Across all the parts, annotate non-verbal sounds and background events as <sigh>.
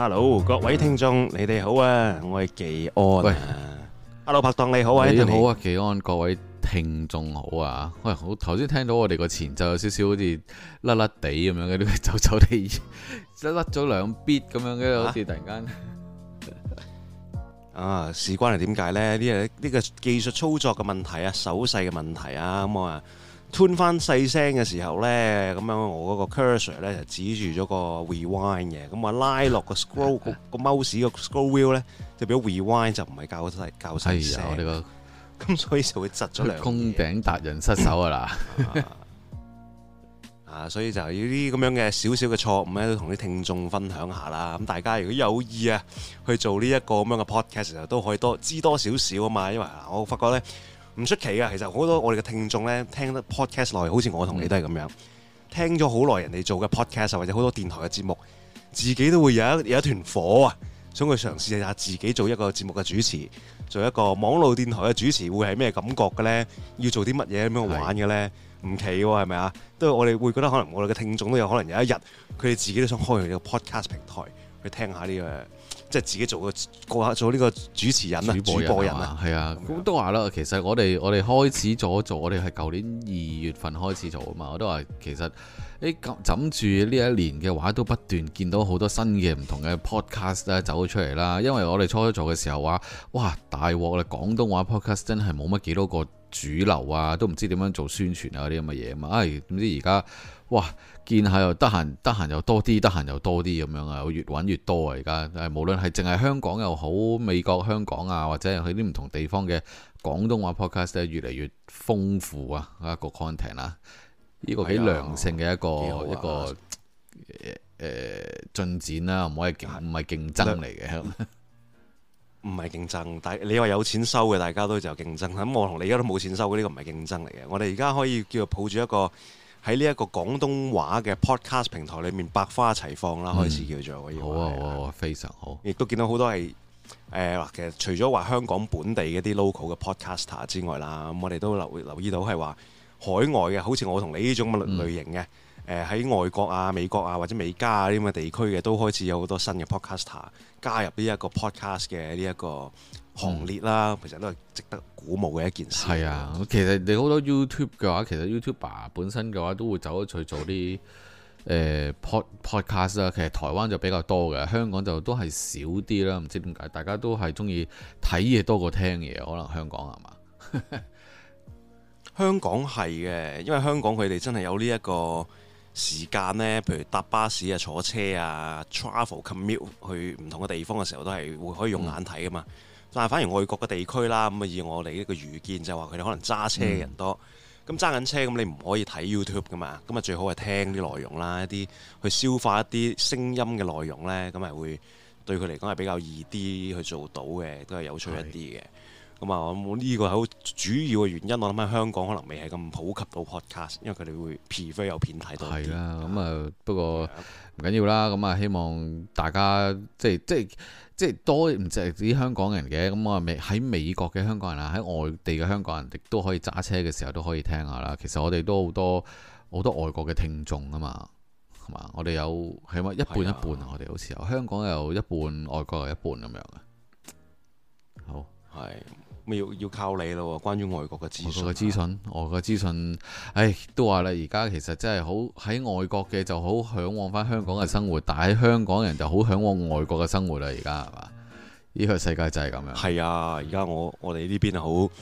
hello，各位聽眾，你哋好啊，我係紀安、啊。喂 hello 拍檔你好啊，你好啊，紀 You Anthony?、啊、安，各位聽眾好啊，喂，好頭先聽到我哋個前奏有少少好似甩甩地咁樣嘅，啲走走地甩甩咗兩 bit 咁樣嘅，啊、好似突然間 <laughs> 啊，事關係點解咧？呢、這個呢、這個技術操作嘅問題啊，手勢嘅問題啊，咁、嗯、啊。吞翻細聲嘅時候咧，咁樣我嗰個 cursor 咧就指住咗個 rewind 嘅，咁我拉落個 scroll 個 <laughs> mouse 個 scroll wheel 咧，就俾 rewind 就唔係教細教細聲，呢、哎呢個咁所以就會窒咗兩。出空頂達人失手啊啦！ <laughs> 啊，所以就要啲咁樣嘅小小嘅錯誤咧，都同啲聽眾分享下啦。咁大家如果有意啊，去做呢一個咁樣嘅 podcast 啊，都可以多知多少少啊嘛。因為我發覺咧。唔出奇啊，其實好多我哋嘅聽眾咧，聽得 podcast 耐，好似我同你都係咁樣，嗯、聽咗好耐人哋做嘅 podcast 或者好多電台嘅節目，自己都會有一有一團火啊，想去嘗試下自己做一個節目嘅主持，做一個網絡電台嘅主持會係咩感覺嘅呢？要做啲乜嘢咁樣玩嘅呢？唔奇喎，係咪啊？都係我哋會覺得可能我哋嘅聽眾都有可能有一日佢哋自己都想開完個 podcast 平台。去聽下呢個，即係自己做個過下做呢個主持人啊、主播人，主播人啊，係啊。咁都話啦，其實我哋我哋開始做做，我哋係舊年二月份開始做啊嘛。我都話其實，誒咁住呢一年嘅話，都不斷見到好多新嘅唔同嘅 podcast 啊走咗出嚟啦。因為我哋初初做嘅時候話，哇大鑊我哋廣東話 podcast 真係冇乜幾多個主流啊，都唔知點樣做宣傳啊嗰啲咁嘅嘢嘛。唉，點知而家～哇！見下又得閒，得閒又多啲，得閒又多啲咁樣啊！我越揾越多啊！而家誒，無論係淨係香港又好，美國、香港啊，或者去啲唔同地方嘅廣東話 podcast 咧，越嚟越豐富啊！一個 content 啊，呢個係良性嘅一個一個誒、呃、進展啦、啊，唔可以唔係競爭嚟嘅，唔係競爭。但 <laughs> 你話有錢收嘅大家都就競爭，咁我同你而家都冇錢收，嘅、這、呢個唔係競爭嚟嘅。我哋而家可以叫做抱住一個。喺呢一個廣東話嘅 podcast 平台裏面，百花一齊放啦，嗯、開始叫做。好啊，是非常好。亦都見到好多係誒、呃，其實除咗話香港本地嗰啲 local 嘅 podcaster 之外啦，咁我哋都留留意到係話海外嘅，好似我同你呢種類型嘅，誒喺、嗯呃、外國啊、美國啊或者美加啊呢啲咁嘅地區嘅，都開始有好多新嘅 podcaster 加入呢一個 podcast 嘅呢、這、一個行列啦，其實都係值得鼓舞嘅一件事。係啊，其實你好多 YouTube 嘅話，其實 YouTuber 本身嘅話都會走咗去做啲誒 podcast 啊。呃、Podcast，其實台灣就比較多嘅，香港就都係少啲啦。唔知點解大家都係中意睇嘢多過聽嘢，可能香港係嘛？ <laughs> 香港係嘅，因為香港佢哋真係有呢一個時間呢。譬如搭巴士啊、坐車啊、travel commute 去唔同嘅地方嘅時候，都係會可以用眼睇噶嘛。但係反而外國嘅地區啦，咁啊以我哋呢個預見就係話佢哋可能揸車嘅人多，咁揸緊車咁你唔可以睇 YouTube 噶嘛，咁啊最好係聽啲內容啦，一啲去消化一啲聲音嘅內容呢。咁係會對佢嚟講係比較易啲去做到嘅，都係有趣一啲嘅。咁啊是，我呢個係好主要嘅原因，我諗喺香港可能未係咁普及到 Podcast，因為佢哋會 prefer 有片睇多啲。係啊，咁啊不過。唔緊要啦，咁、嗯、啊，希望大家即係即係即係多唔止係啲香港人嘅，咁我美喺美國嘅香港人啊，喺外地嘅香港人亦都可以揸車嘅時候都可以聽下啦。其實我哋都好多好多外國嘅聽眾啊嘛，係嘛？我哋有起碼一半一半、啊、我哋好似有的香港有一半，外國有一半咁樣嘅。好，係。要要靠你咯，關於外國嘅資訊，外國嘅資訊，外國嘅資訊，唉，都話啦，而家其實真係好，喺外國嘅就好向往翻香港嘅生活，嗯、但喺香港人就好向往外國嘅生活啦、啊，而家係嘛？呢個世界就係咁樣。係啊，而家我我哋呢邊好，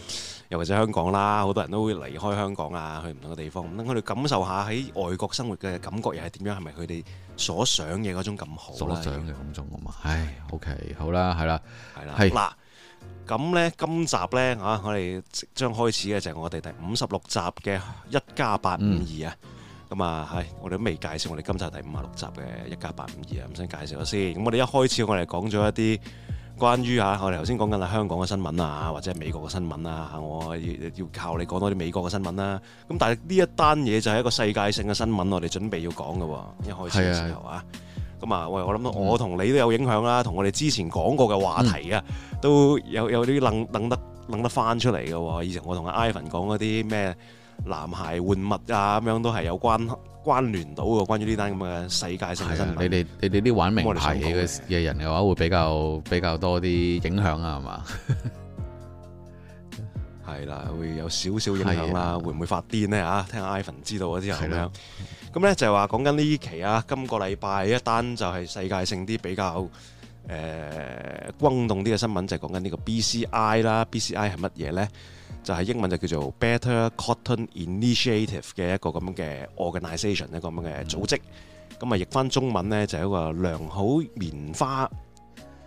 又或者香港啦，好多人都會離開香港啊，去唔同嘅地方，等佢哋感受下喺外國生活嘅感覺又係點樣？係咪佢哋所想嘅嗰種咁好？所想嘅嗰種啊嘛，唉，OK，好啦，係啦，係啦，係啦是。咁呢，今集呢，吓、啊，我哋即將開始嘅就係我哋第五十六集嘅一家八五二啊。咁啊，係我哋都未介紹，我哋今集第五十六集嘅一家八五二啊，咁先介紹咗先。咁我哋一開始我哋講咗一啲關於啊，我哋頭先講緊係香港嘅新聞啊，或者係美國嘅新聞啊。我要要靠你講多啲美國嘅新聞啦。咁、啊、但係呢一單嘢就係一個世界性嘅新聞，我哋準備要講嘅。一開始嘅時候啊。咁啊！喂、嗯，我諗到我同你都有影響啦，同我哋之前講過嘅話題啊，嗯、都有有啲諗諗得諗得翻出嚟嘅喎。以前我同阿 Ivan 講嗰啲咩男孩換物啊咁樣，都係有關關聯到嘅。關於呢單咁嘅世界性新聞，啊、你哋你哋啲玩名牌嘅嘅人嘅話，會比較、嗯、比較多啲影響 <laughs> 啊？係嘛？係啦，會有少少影響啦。啊、會唔會發癲呢？嚇，聽下 Ivan 知道咗之後嗎 <laughs> 咁咧就係話講緊呢期啊，今個禮拜一單就係世界性啲比較誒、呃、轟動啲嘅新聞，就係講緊呢個 BCI 啦。BCI 係乜嘢咧？就係、是、英文就叫做 Better Cotton Initiative 嘅一個咁嘅 organisation，一個咁嘅組織。咁啊、嗯，譯翻中文咧就係、是、一個良好棉花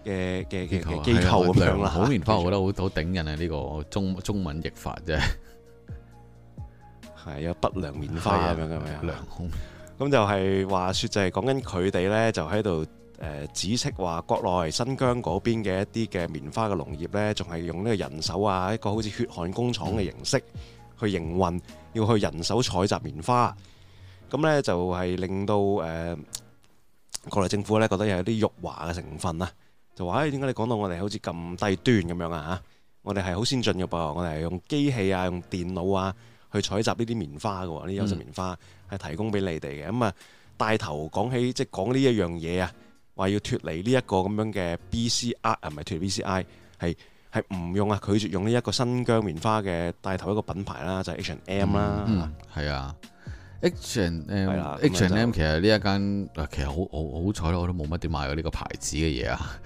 嘅嘅嘅機構咁樣啦。良好棉花，我覺得好好頂人啊！呢、這個中中文譯法啫。係有不良棉花咁樣咁樣，咁就係話説就係講緊佢哋呢，就喺度誒指斥話國內新疆嗰邊嘅一啲嘅棉花嘅農業呢，仲係用呢個人手啊，一個好似血汗工廠嘅形式去營運，要去人手採集棉花。咁呢，就係令到誒、呃、國內政府呢，覺得有啲辱華嘅成分啊，就話誒點解你講到我哋好似咁低端咁樣啊嚇？我哋係好先進嘅噃，我哋係用機器啊，用電腦啊。去採集呢啲棉花嘅啲優質棉花係提供俾你哋嘅咁啊，嗯、帶頭講起即係講呢一樣嘢啊，話要脱離呢一個咁樣嘅 B C R 啊，唔係脱 B C I 係係唔用啊，拒絕用呢一個新疆棉花嘅帶頭一個品牌啦，就係、是、H&M 啦、嗯，係、嗯、啊 H&M、啊、H&M H&M 其實呢一間其實好好好彩咯，我都冇乜點買過呢個牌子嘅嘢啊。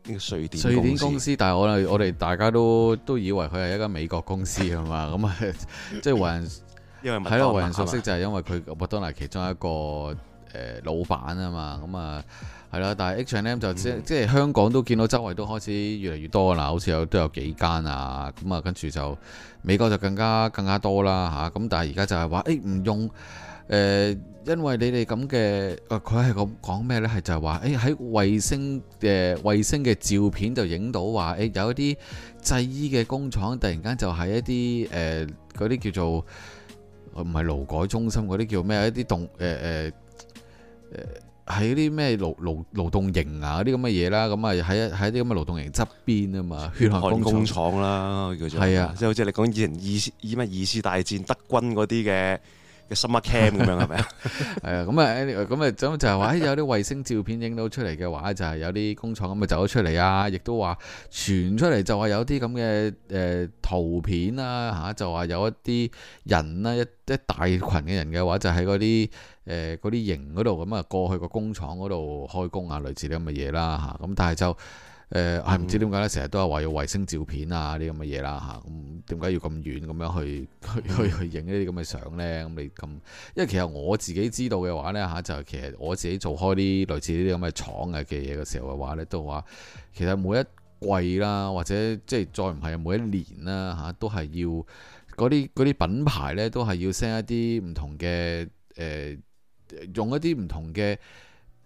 呢個瑞典公司，瑞典公司，但係我哋我哋大家都都以為佢係一間美國公司啊嘛。咁啊，即係為人，因為麥當娜嘛。係咯，為人熟悉就係因為佢麥當娜其中一個誒老闆啊嘛。咁啊，係啦。但係 H&M 就、嗯、即即係香港都見到周圍都開始越嚟越多啦，好似有都有幾間啊。咁啊，跟住就美國就更加更加多啦嚇。咁但係而家就係話誒唔用誒。欸欸欸欸欸欸欸欸呃因為你哋咁嘅，佢係咁講咩咧？係就係話，誒、欸、喺衛星嘅、呃、衛星嘅照片就影到話，誒、欸、有一啲製衣嘅工廠，突然間就喺一啲誒嗰啲叫做唔係、呃、勞改中心嗰啲叫咩？呃呃、一啲動誒誒誒喺啲咩勞勞勞動營啊？嗰啲咁嘅嘢啦，咁啊喺喺啲咁嘅勞動營側邊啊嘛，血汗工廠工廠啦，係啊，即係好似你講以前二二乜二次大戰德軍嗰啲嘅。嘅 <laughs> s m cam 咁樣係咪啊？咁 <noise> 啊樂，咁、嗯、啊，咁、嗯、就係話，有啲衛星照片影到出嚟嘅話就就就、啊，就係有啲工廠咁啊走咗出嚟啊，亦都話傳出嚟就話有啲咁嘅誒圖片啦嚇，就話有一啲人啦一一大群嘅人嘅話就，就喺嗰啲誒嗰啲營度咁啊過去個工廠嗰度開工啊，類似啲咁嘅嘢啦嚇，咁、啊、但係就。誒係唔知點解咧，成日都係話要衛星照片啊啲咁嘅嘢啦嚇，咁點解要咁遠咁樣去去去去影呢啲咁嘅相呢？咁、嗯、你咁，因為其實我自己知道嘅話呢，嚇、啊，就係、其實我自己做開啲類似呢啲咁嘅廠嘅嘅嘢嘅時候嘅話呢，都話其實每一季啦，或者即係再唔係每一年啦嚇、啊，都係要嗰啲啲品牌呢，都係要 send 一啲唔同嘅誒、呃，用一啲唔同嘅。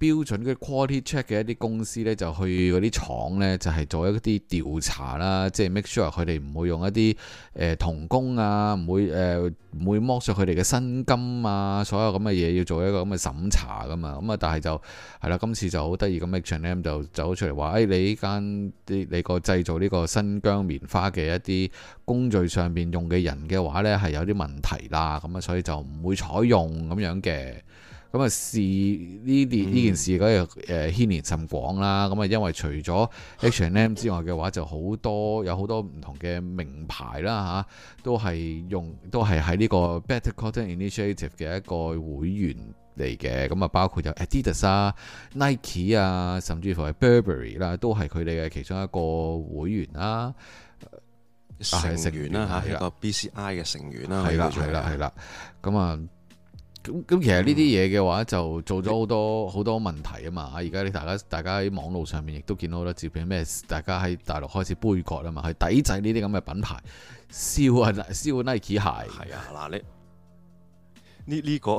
標準嘅 quality check 嘅一啲公司呢，就去嗰啲廠呢，就係做一啲調查啦，即係 make sure 佢哋唔會用一啲誒童工啊，唔會誒，唔會剝削佢哋嘅薪金啊，所有咁嘅嘢要做一個咁嘅審查噶嘛。咁啊，但係就係啦，今次就好得意咁 McQueen 呢，M 就走出嚟話，誒、哎，你呢間你你個製造呢個新疆棉花嘅一啲工序上邊用嘅人嘅話呢，係有啲問題啦。咁啊，所以就唔會採用咁樣嘅。咁啊，試呢啲呢件事嗰個誒牽連甚廣啦。咁啊，因為除咗 H and M 之外嘅話，就好多有好多唔同嘅名牌啦嚇，都係用都係喺呢個 Better Cotton Initiative 嘅一個會員嚟嘅。咁啊，包括有 Adidas 啊、Nike 啊，甚至乎係 Burberry 啦、啊，都係佢哋嘅其中一個會員啦、啊，成員啦、啊、嚇，一個 BCI 嘅成員啦。係啦，係啦，係啦。咁啊～的咁咁，其實呢啲嘢嘅話就做咗好多好多問題啊嘛！啊，而家你大家大家喺網路上面亦都見到好多照片，咩？大家喺大陸開始杯葛啊嘛，去抵制呢啲咁嘅品牌，燒啊！燒 Nike 鞋，係啊！嗱，你呢呢、這個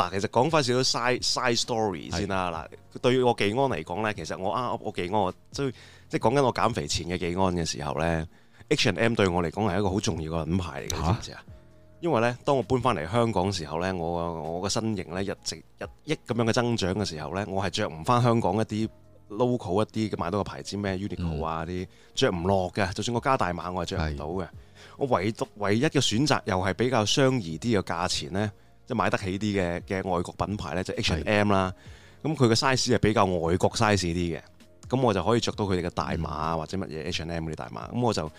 嗱，其實講翻少少 size size story 的先啦。嗱，對於我技安嚟講咧，其實我啱我技安，我即即講緊我減肥前嘅技安嘅時候咧，H and M 對我嚟講係一個好重要嘅品牌嚟嘅，知唔知啊？知因為咧，當我搬翻嚟香港時候咧，我我個身形咧一直日益咁樣嘅增長嘅時候咧，我係着唔翻香港一啲 local 一啲嘅買到個牌子咩 Uniqlo 啊啲，着唔落嘅。就算我加大碼，我係着唔到嘅。是我唯獨唯一嘅選擇又係比較相宜啲嘅價錢咧，即、就、係、是、買得起啲嘅嘅外國品牌咧，即、就是、H&M 的啦。咁佢嘅 size 係比較外國 size 啲嘅，咁我就可以着到佢哋嘅大碼、嗯、或者乜嘢 H&M 嗰啲大碼。咁我就。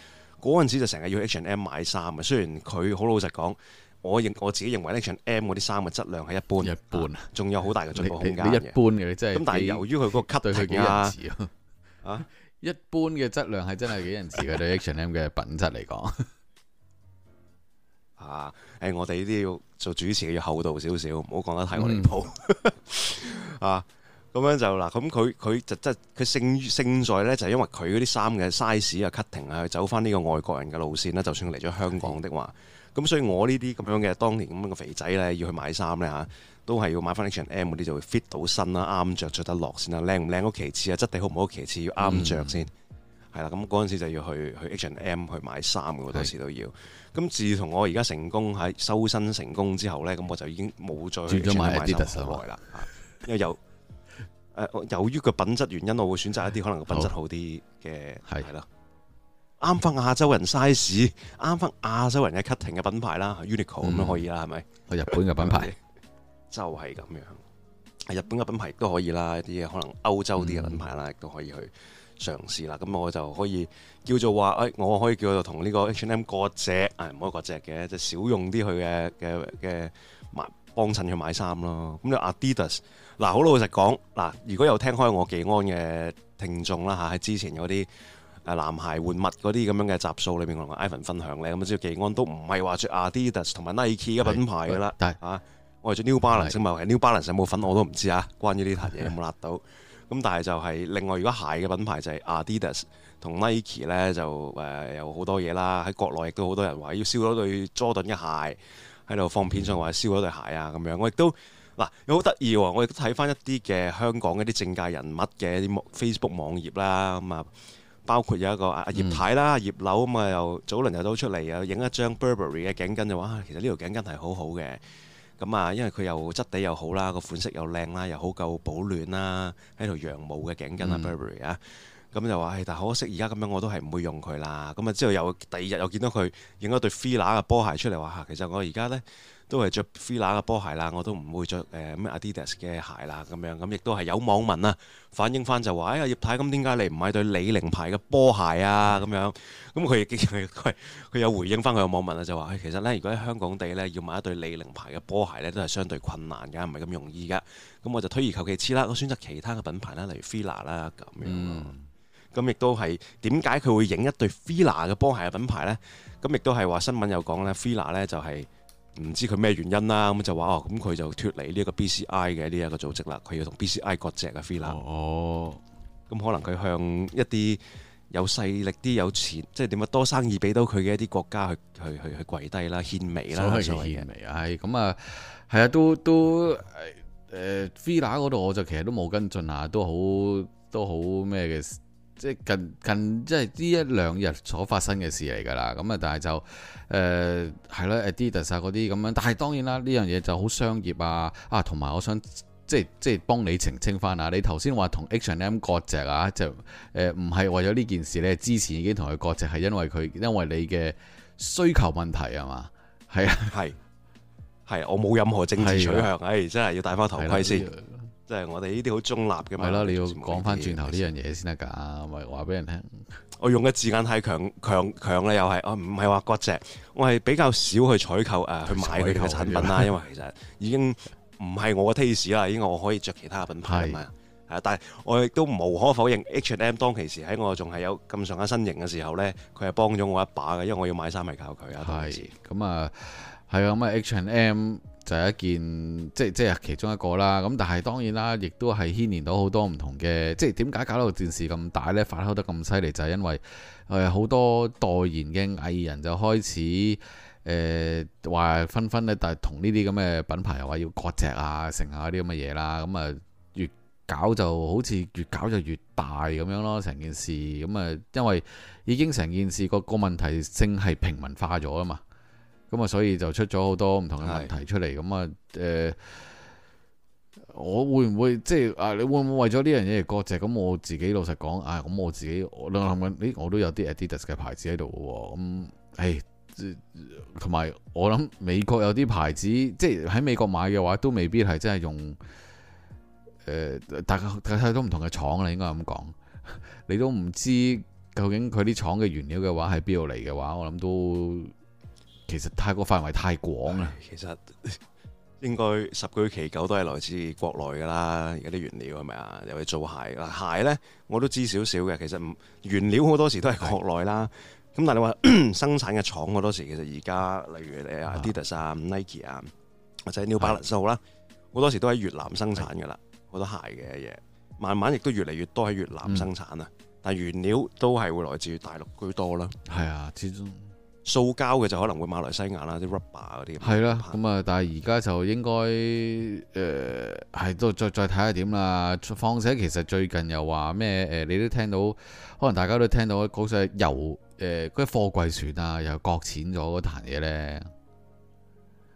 嗰陣時就成日要 H&M 買衫啊，雖然佢好老實講，我認我自己認為 H&M 嗰啲衫嘅質量係一般，一般，仲有好大嘅進步空間，一般嘅，即係咁。但係由於佢嗰個級別啊，啊一般嘅質量係真係幾仁慈嘅，啊、 <laughs> 對 H&M 嘅品質嚟講。 <laughs> 啊，誒，我哋呢啲要做主持嘅要厚道少少，唔好講得太我離譜、嗯、 <laughs> <laughs> 啊！咁樣就嗱，咁佢佢就即係佢勝勝在咧，就係、因為佢嗰啲衫嘅 size 啊、cutting 啊，走翻呢個外國人嘅路線啦。就算嚟咗香港的話，咁的所以我呢啲咁樣嘅當年咁樣嘅肥仔咧，要去買衫咧嚇，都係要買翻 H&M 嗰啲就會 fit 到身啦，啱着着得落先啦，靚唔靚嗰其次啊，質地好唔好其次要啱着先。係啦、嗯，咁嗰陣時就要去去 H&M 去買衫嘅，嗰陣的時都要。咁自從我而家成功喺收身成功之後咧，咁我就已經冇再住咗買一啲啦，因為有。由於個品質原因，我會選擇一啲可能個品質好啲嘅係係咯，啱翻亞洲人 size，啱翻亞洲人嘅 cutting 嘅品牌啦，Uniqlo 咁都可以啦，係咪？日本嘅品牌就係咁樣，日本嘅品牌都可以啦，一啲可能歐洲啲嘅品牌啦，亦都可以去嘗試啦。咁、嗯、我就可以叫做話，誒，我可以叫做同呢個 H&M 割席，唔、啊、可以割席嘅，即係、少用啲佢嘅嘅嘅買幫襯去買衫咯。咁就 Adidas 嗱，好、啊、老實講，嗱、啊，如果有聽開我技安嘅聽眾啦嚇，喺、啊、之前嗰啲誒男孩換物嗰啲咁樣嘅集數裏面同我 Ivan 分享咧，咁、啊、知道技安都唔係話住 Adidas 同埋 Nike 嘅品牌噶啦，嚇，我係著 New Balance，即係對 New Balance 對有冇粉我都唔知啊。關於呢沓嘢有冇揦到？咁對但係就係另外，如果鞋嘅品牌就係 Adidas 同 Nike 咧，就誒、呃、有好多嘢啦。喺國內亦都好多人話要燒咗對 Jordan 嘅鞋，喺度放片上話燒咗對鞋啊咁樣。嗯嗯、我亦都。嗱，又好得意喎！我亦都睇翻一啲嘅香港一啲政界人物嘅啲 Facebook 網頁啦，咁啊，包括有一個阿葉太啦、葉柳咁啊，又早輪又都出嚟，又影一張 Burberry 嘅頸巾就話，其實呢條頸巾係好好嘅，咁啊，因為佢又質地又好啦，個款式又靚啦，又好夠保暖啦，喺度羊毛嘅頸巾啊，Burberry 啊，咁就話，唉，但可惜而家咁樣我都係唔會用佢啦。咁啊，之後又第二日又見到佢影咗對 Fila 嘅波鞋出嚟，話嚇，其實我而家呢。都係着 Fila 嘅波鞋啦，我都唔會着咩、呃、Adidas 嘅鞋啦。咁樣咁亦都係有網民啊反映翻就話：哎呀，葉太咁點解你唔買對李寧牌嘅波鞋啊？咁樣咁佢亦佢佢有回應翻佢嘅網民啦，就話：其實呢，如果喺香港地呢，要買一對李寧牌嘅波鞋呢，嗯嗯、都係相對困難㗎，唔係咁容易㗎。咁我就推而求其次啦，我選擇其他嘅品牌啦，例如 Fila 啦咁樣。咁亦都係點解佢會影一對 Fila 嘅波鞋嘅品牌呢？咁亦都係話新聞又講呢，Fila 呢就係、是。唔知佢咩原因啦，咁就話哦，咁佢就脫離呢一個 BCI 嘅呢一個組織啦，佢要同 BCI 割席啊，Fila。哦，咁可能佢向一啲有勢力啲、有錢，即係點樣多生意俾到佢嘅一啲國家去去去去跪低啦、獻媚啦。所謂咁的啊，係啊，都都誒誒，Fila 嗰度我就其實都冇跟進啊，都好都好咩嘅。即係近近即係呢一兩日所發生嘅事嚟噶啦，咁、呃、啊，但係就誒係咯，Adidas 嗰啲咁樣，但係當然啦，呢樣嘢就好商業啊啊，同埋我想即係即係幫你澄清翻啊，你頭先話同 H and M 割席啊，就誒唔係為咗呢件事咧，你之前已經同佢割席係因為佢因為你嘅需求問題係嘛？係係係，我冇任何政治取向，唉的、哎，真係要戴翻頭盔先的。的即係我哋呢啲好中立嘅，係咯、嗯，你要講翻轉頭呢樣嘢先得噶唔係話俾人聽。我用嘅字眼太強強強啦，又係，我唔係話割蓆，我係比較少去採購誒去買佢嘅產品啦，因為其實已經唔係我嘅 taste 啦，已經我可以着其他品牌啊嘛，係啊，但係我亦都無可否認，H&M 當其時喺我仲係有咁上下身形嘅時候咧，佢係幫咗我一把嘅，因為我要買衫係靠佢、嗯、啊，同時咁啊係咁啊，H&M。嗯 H M 就係一件，即係即係其中一個啦。咁但係當然啦，亦都係牽連到好多唔同嘅，即係點解搞到件事咁大呢？發酵得咁犀利，就係、是、因為誒好多代言嘅藝人就開始誒話紛紛咧，但係同呢啲咁嘅品牌又話要割席啊，成下啲咁嘅嘢啦。咁、嗯、啊越搞就好似越搞就越大咁樣咯，成件事咁啊、嗯，因為已經成件事個個問題正係平民化咗啊嘛。咁啊，所以就出咗好多唔同嘅問題出嚟。咁啊，誒，我會唔會即係啊？你會唔會為咗呢樣嘢而割席？咁、嗯、我自己老實講啊，咁我自己，我諗，誒，我都有啲 Adidas 嘅牌子，喺度嘅。咁、嗯，誒、哎，同埋我諗美國有啲牌子，即係喺美國買嘅話，都未必係真係用。誒、呃，大家睇睇都唔同嘅廠啦，你應該咁講。你都唔知究竟佢啲廠嘅原料嘅話喺邊度嚟嘅話，我諗都。其實泰國範圍太廣啊，其實應該十居其九都係來自國內噶啦。而家啲原料係咪啊？又去做鞋啦，鞋咧我都知少少嘅。其實唔原料好多時都係國內啦。咁的但係你話生產嘅廠好多時，其實而家例如你 Adidas 啊、啊 Nike 啊或者 New Balance 啦的，好多時都喺越南生產噶啦。好的多鞋嘅嘢，慢慢亦都越嚟越多喺越南生產啊。嗯、但係原料都係會來自大陸居多啦。係啊，始終。塑膠嘅就可能會馬來西亞啦，啲 rubber 嗰啲。係啦，咁啊，但係而家就應該誒係都再再睇下點啦。況且其實最近又話咩誒，你都聽到，可能大家都聽到，嗰隻油誒啲、呃、貨櫃船啊又擱淺咗嗰壇嘢咧。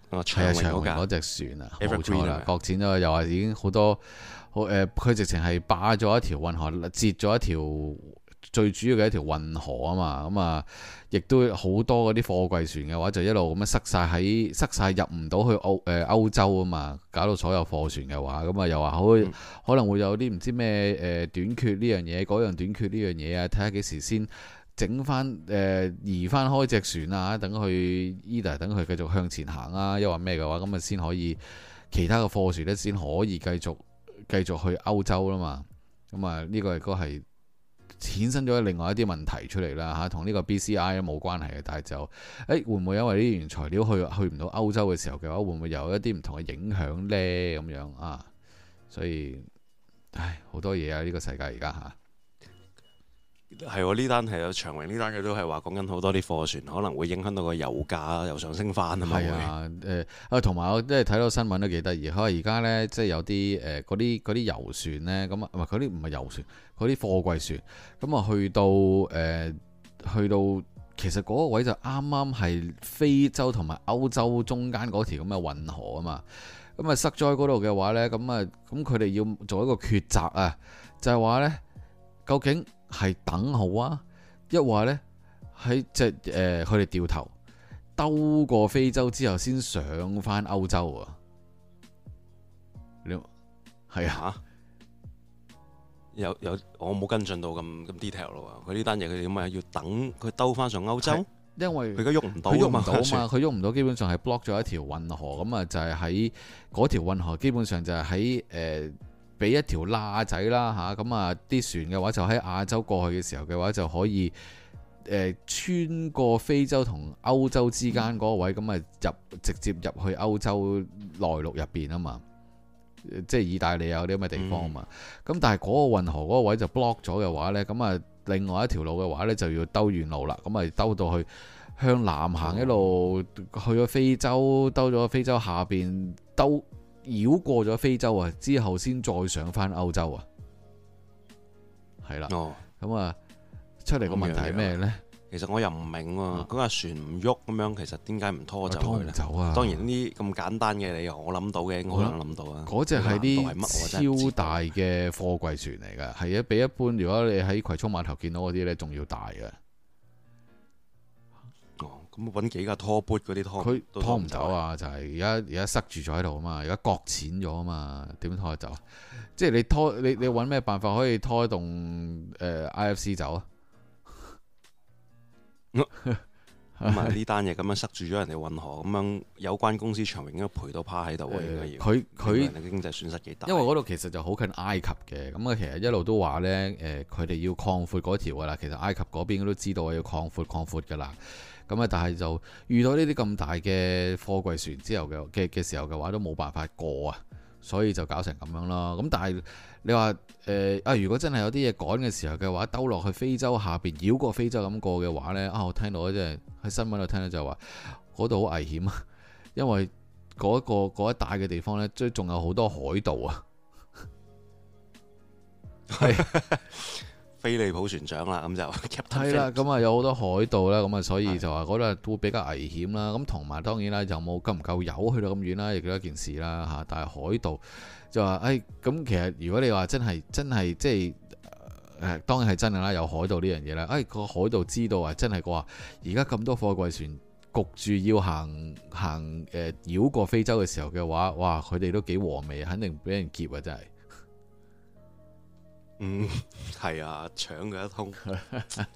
係啊，長榮嗰隻船啊，冇錯啦，擱淺咗又話已經好多好誒，佢、呃、直情係霸咗一條運河，截咗一條。最主要嘅一條運河啊嘛，咁、嗯、啊，亦都好多嗰啲貨櫃船嘅話，就一路咁樣塞晒喺塞曬入唔到去歐誒、呃、歐洲啊嘛，搞到所有貨船嘅話，咁、嗯、啊、嗯、又話可可能會有啲唔知咩誒短缺呢樣嘢，嗰樣短缺呢樣嘢啊，睇下幾時先整翻誒移翻開隻船啊，等佢伊達，等佢繼續向前行啊，又話咩嘅話，咁啊先可以其他嘅貨船呢，先可以繼續繼續去歐洲啊嘛，咁啊呢個亦都係。衍生咗另外一啲問題出嚟啦嚇，同呢個 BCI 冇關係嘅，但係就誒會唔會因為呢原材料去去唔到歐洲嘅時候嘅話，會唔會有一啲唔同嘅影響呢？咁樣啊？所以唉好多嘢啊，呢個世界而家嚇。啊係我呢單係啊，長榮呢單嘢都係話講緊好多啲貨船可能會影響到個油價啦，油上升翻啊，係啊，誒啊，同埋我即係睇到新聞都幾得意。可能而家呢，即係有啲誒嗰啲嗰啲油船呢，咁啊，唔係啲唔係油船，嗰啲貨櫃船咁啊，去到誒去到其實嗰個位就啱啱係非洲同埋歐洲中間嗰條咁嘅運河啊嘛，咁啊塞喺嗰度嘅話呢，咁啊咁佢哋要做一個抉擇啊，就係話呢，究竟？係等好啊！一話咧喺即係誒，佢哋，呃、掉頭兜過非洲之後，先上翻歐洲啊！你係啊，啊？有有我冇跟進到咁咁 detail 咯。佢呢單嘢佢點啊？要等佢兜翻上歐洲，啊，因為佢而家喐唔到啊嘛，佢喐唔到，到基本上係 block 咗一條運河咁啊，就係喺嗰條運河，河基本上就係喺誒。呃俾一條罅仔啦吓，咁啊啲船嘅話就喺亞洲過去嘅時候嘅話就可以，誒、呃、穿過非洲同歐洲之間嗰個位，咁啊入直接入去歐洲內陸入邊啊嘛，即係意大利有啲咁嘅地方啊嘛。咁、嗯、但係嗰個運河嗰個位就 block 咗嘅話呢。咁啊另外一條路嘅話呢，就要兜遠路啦，咁啊兜到去向南行一路去咗非洲，兜咗非，非洲下邊兜。繞過咗非洲啊，之後先再上返歐洲啊，係啦。哦，咁啊、嗯，出嚟個問題係咩呢、嗯？其實我又唔明喎。咁啊，嗯、架船唔喐咁樣，其實點解唔拖走啊？當然呢咁、啊、簡單嘅理由，我諗到嘅，嗯、我好能諗到啊。嗰隻係啲超大嘅貨櫃船嚟㗎，係啊、嗯，比一般如果你喺葵涌碼頭見到嗰啲呢，仲要大啊。搵幾個拖 boat 嗰啲拖，佢拖唔走，走啊！就係而家而家塞住咗喺度啊！嘛，而家擱淺咗啊！嘛，點拖得走啊？即係你拖你你揾咩辦法可以拖動誒、呃、I F C 走啊？唔係呢單嘢咁樣塞住咗人哋運河，咁樣有關公司長榮應該賠到趴喺度啊！佢佢、呃、經濟損失幾大？因為嗰度其實就好近埃及嘅咁啊。其實一路都話咧誒，佢、呃、哋要擴闊嗰條噶啦。其實埃及嗰邊都知道我要擴闊擴闊噶啦。咁啊！但係就遇到呢啲咁大嘅貨櫃船之後嘅嘅嘅時候嘅話，都冇辦法過啊，所以就搞成咁樣啦。咁但係你話誒、呃、啊，如果真係有啲嘢趕嘅時候嘅話，兜落去非洲下邊繞過非洲咁過嘅話呢？啊！我聽到即係喺新聞度聽到就話嗰度好危險啊，因為嗰、嗰個嗰一帶嘅地方呢，即仲有好多海盜啊。係 <laughs> 是。 <laughs> 菲利普船長啦，咁就 captain 係啦，咁啊有好多海盜咧，咁啊所以就話覺得都比較危險啦。咁同埋當然啦，有冇夠唔夠油去到咁遠啦，亦都一件事啦嚇。但係海盜就話：哎，咁其實如果你話真係真係即係誒，當然係真嘅啦，有海盜呢樣嘢啦。哎，個海盜知道啊，真係話而家咁多貨櫃船焗住要行行誒、呃、繞過非洲嘅時候嘅話，哇！佢哋都幾和味，肯定俾人劫啊，真係。嗯，係啊，搶佢一通，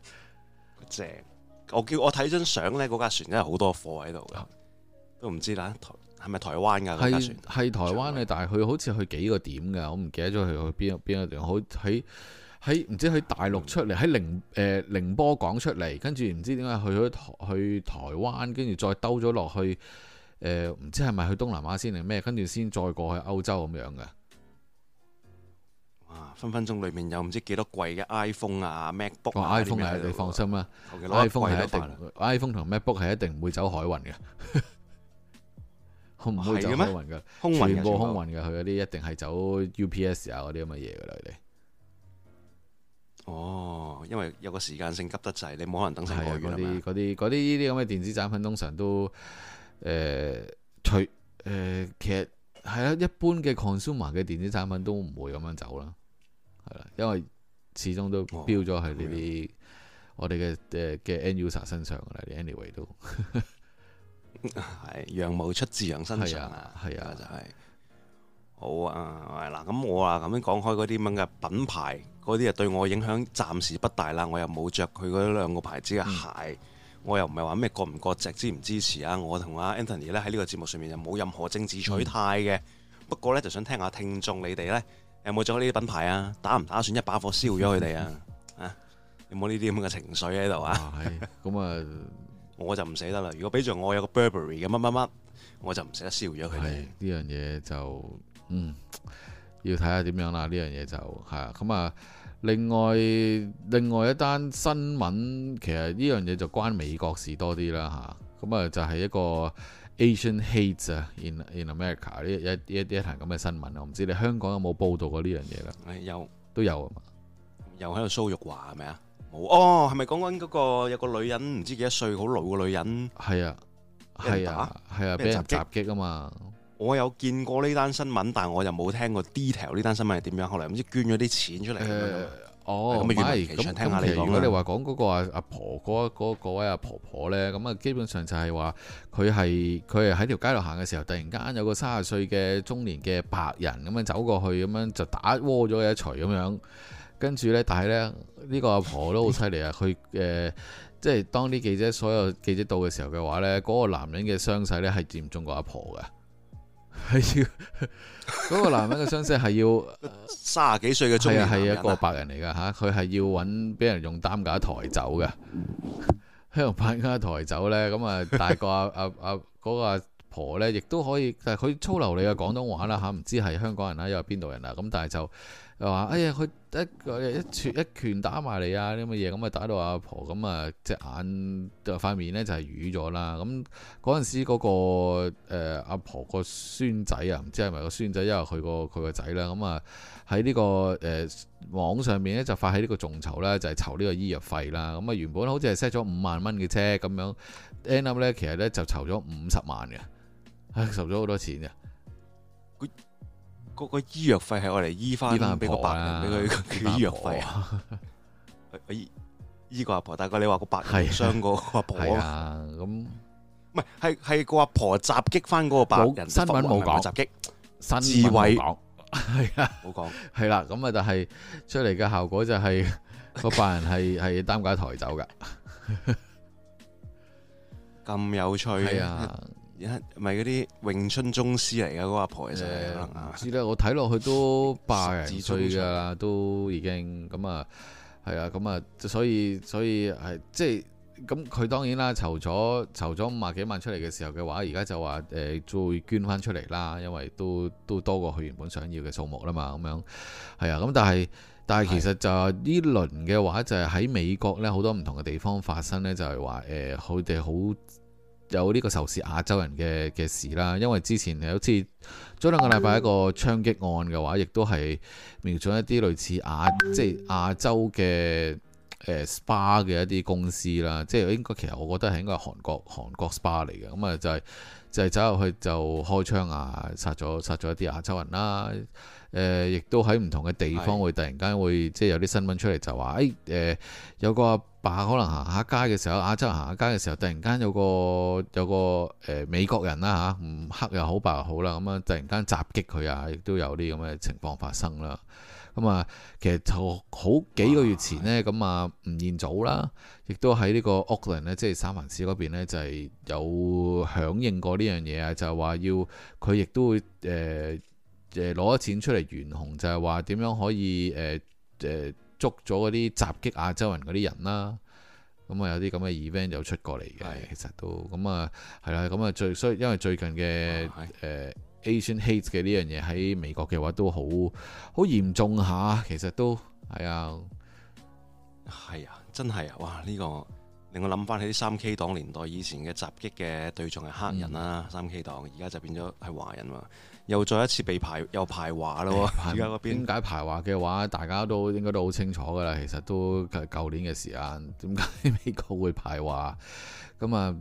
<laughs> 正。我叫我睇張相呢，嗰架船真係好多貨喺度噶，都唔知啦，台係咪台灣噶？係係是台灣嘅，他但係佢好似去幾個點噶，我唔記得咗去、嗯、去邊邊個地。好喺喺唔知喺大陸出嚟，喺寧誒寧波港出嚟，跟住唔知點解去咗台去台灣，跟住再兜咗落去誒，唔、呃、知係咪去東南亞先定咩？跟住先再過去歐洲咁樣嘅。啊、分分鐘裏面有唔知幾多櫃嘅 iPhone 啊、MacBook iPhone 係你放心啦。iPhone 係貴一定，iPhone 同 MacBook 係一定唔會走海運嘅，唔 <laughs> 會走海運嘅，啊、全部空運嘅。佢嗰啲一定係走 UPS 啊嗰啲咁嘅嘢噶啦，你。哦，因為有個時間性急得滯，你冇可能等晒。嗰啲嗰啲嗰啲呢啲咁嘅電子產品通常都誒除誒，其實係啦，一般嘅 consumer 嘅電子產品都唔會咁樣走啦。因為始終都標咗喺呢啲我哋嘅嘅 end user 身上噶啦，Anyway 都係羊毛出自羊身上啊，係啊就係、啊、是好啊，嗱咁、啊、我啊咁樣講開嗰啲咁嘅品牌，嗰啲啊對我影響暫時不大啦，我又冇着佢嗰兩個牌子嘅鞋，嗯、我又唔係話咩割唔割席支唔支持啊，我同阿 Anthony 咧喺呢個節目上面就冇任何政治取態嘅，的不過呢，就想聽下聽,聽眾你哋呢。有冇做呢啲品牌啊？打唔打算一把火燒咗佢哋啊？嗯、啊，有冇呢啲咁嘅情緒喺度啊？咁啊，我就唔捨得啦。如果俾着我有個 Burberry 嘅乜乜乜，我就唔捨得燒咗佢。係呢樣嘢就，嗯，要睇下點樣啦。呢樣嘢就係啊。咁啊、嗯，另外另外一單新聞，其實呢樣嘢就關美國事多啲啦吓，咁啊、嗯，就係、是、一個。Asian hate 啊！in in America 呢一一一壇咁嘅新聞，我唔知你香港有冇報道過呢樣嘢啦。誒、嗯、有，都有啊嘛。又喺度騷肉話係咪啊？冇哦，係咪講緊嗰個有個女人唔知幾多歲，好老嘅女人。係啊，係啊，係啊，俾人襲擊啊嘛。我有見過呢單新聞，但係我又冇聽過 detail 呢單新聞係點樣。後來唔知捐咗啲錢出嚟。哦，咁咪全民齊唱聽下你講。你話講嗰個阿婆嗰嗰、那個那個、位阿婆婆呢，咁啊基本上就係話佢係佢係喺條街度行嘅時候，突然間有個三十歲嘅中年嘅白人咁樣走過去，咁樣就打窩咗一錘咁樣。跟住呢，但係呢，呢、這個阿婆都好犀利啊！佢誒、 <laughs> 呃、即係當啲記者所有記者到嘅時候嘅話呢，嗰、那個男人嘅傷勢呢係嚴重過阿婆嘅。係要嗰個男人嘅相色係要 <laughs> 三十幾歲嘅中係啊係一個白人嚟噶吓，佢、啊、係要揾俾人用擔架抬走嘅， <laughs> 用擔架抬走呢。咁啊大、 <laughs> 啊啊那個阿阿阿個阿婆呢，亦都可以，但係佢操流利嘅廣東話啦吓，唔、啊、知係香港人啦又係邊度人啦，咁但係就。又話哎呀，佢一一拳一拳打埋嚟啊！啲咁嘅嘢咁啊，打到阿婆咁啊，隻眼就塊面呢就係瘀咗啦。咁嗰陣時嗰個誒阿婆個孫仔啊，唔知係咪個孫仔，因為佢個佢個仔啦。咁啊喺呢個誒網上面呢，就發起呢個眾籌咧，就係籌呢個醫藥費啦。咁啊原本好似係 set 咗五萬蚊嘅啫咁樣，N up 其實呢就籌咗五十萬嘅，籌咗好多錢嘅。個個醫藥費係我嚟醫翻俾個白人，俾佢醫藥費啊！醫醫個阿婆，大哥，你話個白人係傷過個阿婆啊？咁唔係係係個阿婆襲擊翻嗰個白人，新聞冇講，襲擊，新聞冇講，係啊，冇講，係啦，咁啊，就係出嚟嘅效果就係個白人係係擔架抬走噶，咁有趣啊！咪嗰啲詠春宗師嚟噶嗰阿婆啫、啊，嗯、知啦。我睇落去都八十幾歲噶啦，嗯、都已經咁啊，係啊，咁啊，所以所以係即係咁。佢、嗯、當然啦，籌咗籌咗五十幾萬出嚟嘅時候嘅話，而家就話誒，做、呃、捐翻出嚟啦，因為都都多過佢原本想要嘅數目啦嘛，咁樣係啊。咁但係但係其實就呢輪嘅話就係、是、喺美國咧好多唔同嘅地方發生咧，就係話誒佢哋好。呃呃有呢個仇視亞洲人嘅嘅事啦，因為之前好似早兩個禮拜一個槍擊案嘅話，亦都係瞄準一啲類似亞即係亞洲嘅誒、呃、SPA 嘅一啲公司啦，即係應該其實我覺得係應該係韓國韓國 SPA 嚟嘅，咁、嗯、啊就係、是、就係、是、走入去就開槍啊，殺咗殺咗一啲亞洲人啦，誒、呃、亦都喺唔同嘅地方會突然間會即係有啲新聞出嚟就話誒誒有個。可能行下街嘅時候，亞洲行下街嘅時候，突然間有個有個誒、呃、美國人啦吓，唔、啊、黑又，又好，白又好啦，咁啊突然間襲擊佢啊，亦都有啲咁嘅情況發生啦。咁啊，其實就好幾個月前呢，咁啊吳彥祖啦，亦都喺呢個奧克蘭咧，即係三藩市嗰邊咧，就係、是、有響應過呢樣嘢啊，就係、是、話要佢亦都會誒誒攞錢出嚟懸紅，就係話點樣可以誒誒。呃呃捉咗嗰啲襲擊亞洲人嗰啲人啦，咁啊有啲咁嘅 event 有出過嚟嘅，其實都咁啊，係啦，咁啊最所以因為最近嘅誒 Asian hate 嘅呢樣嘢喺美國嘅話都好好嚴重下。其實都係啊，係啊，真係啊，哇！呢個令我諗翻起三 K 黨年代以前嘅襲擊嘅對象係黑人啦、啊，三、嗯、K 黨而家就變咗係華人啦。又再一次被排，又排華咯。而家嗰邊點解排華嘅話，大家都應該都好清楚噶啦。其實都係舊年嘅時間，點解美國會排華咁啊？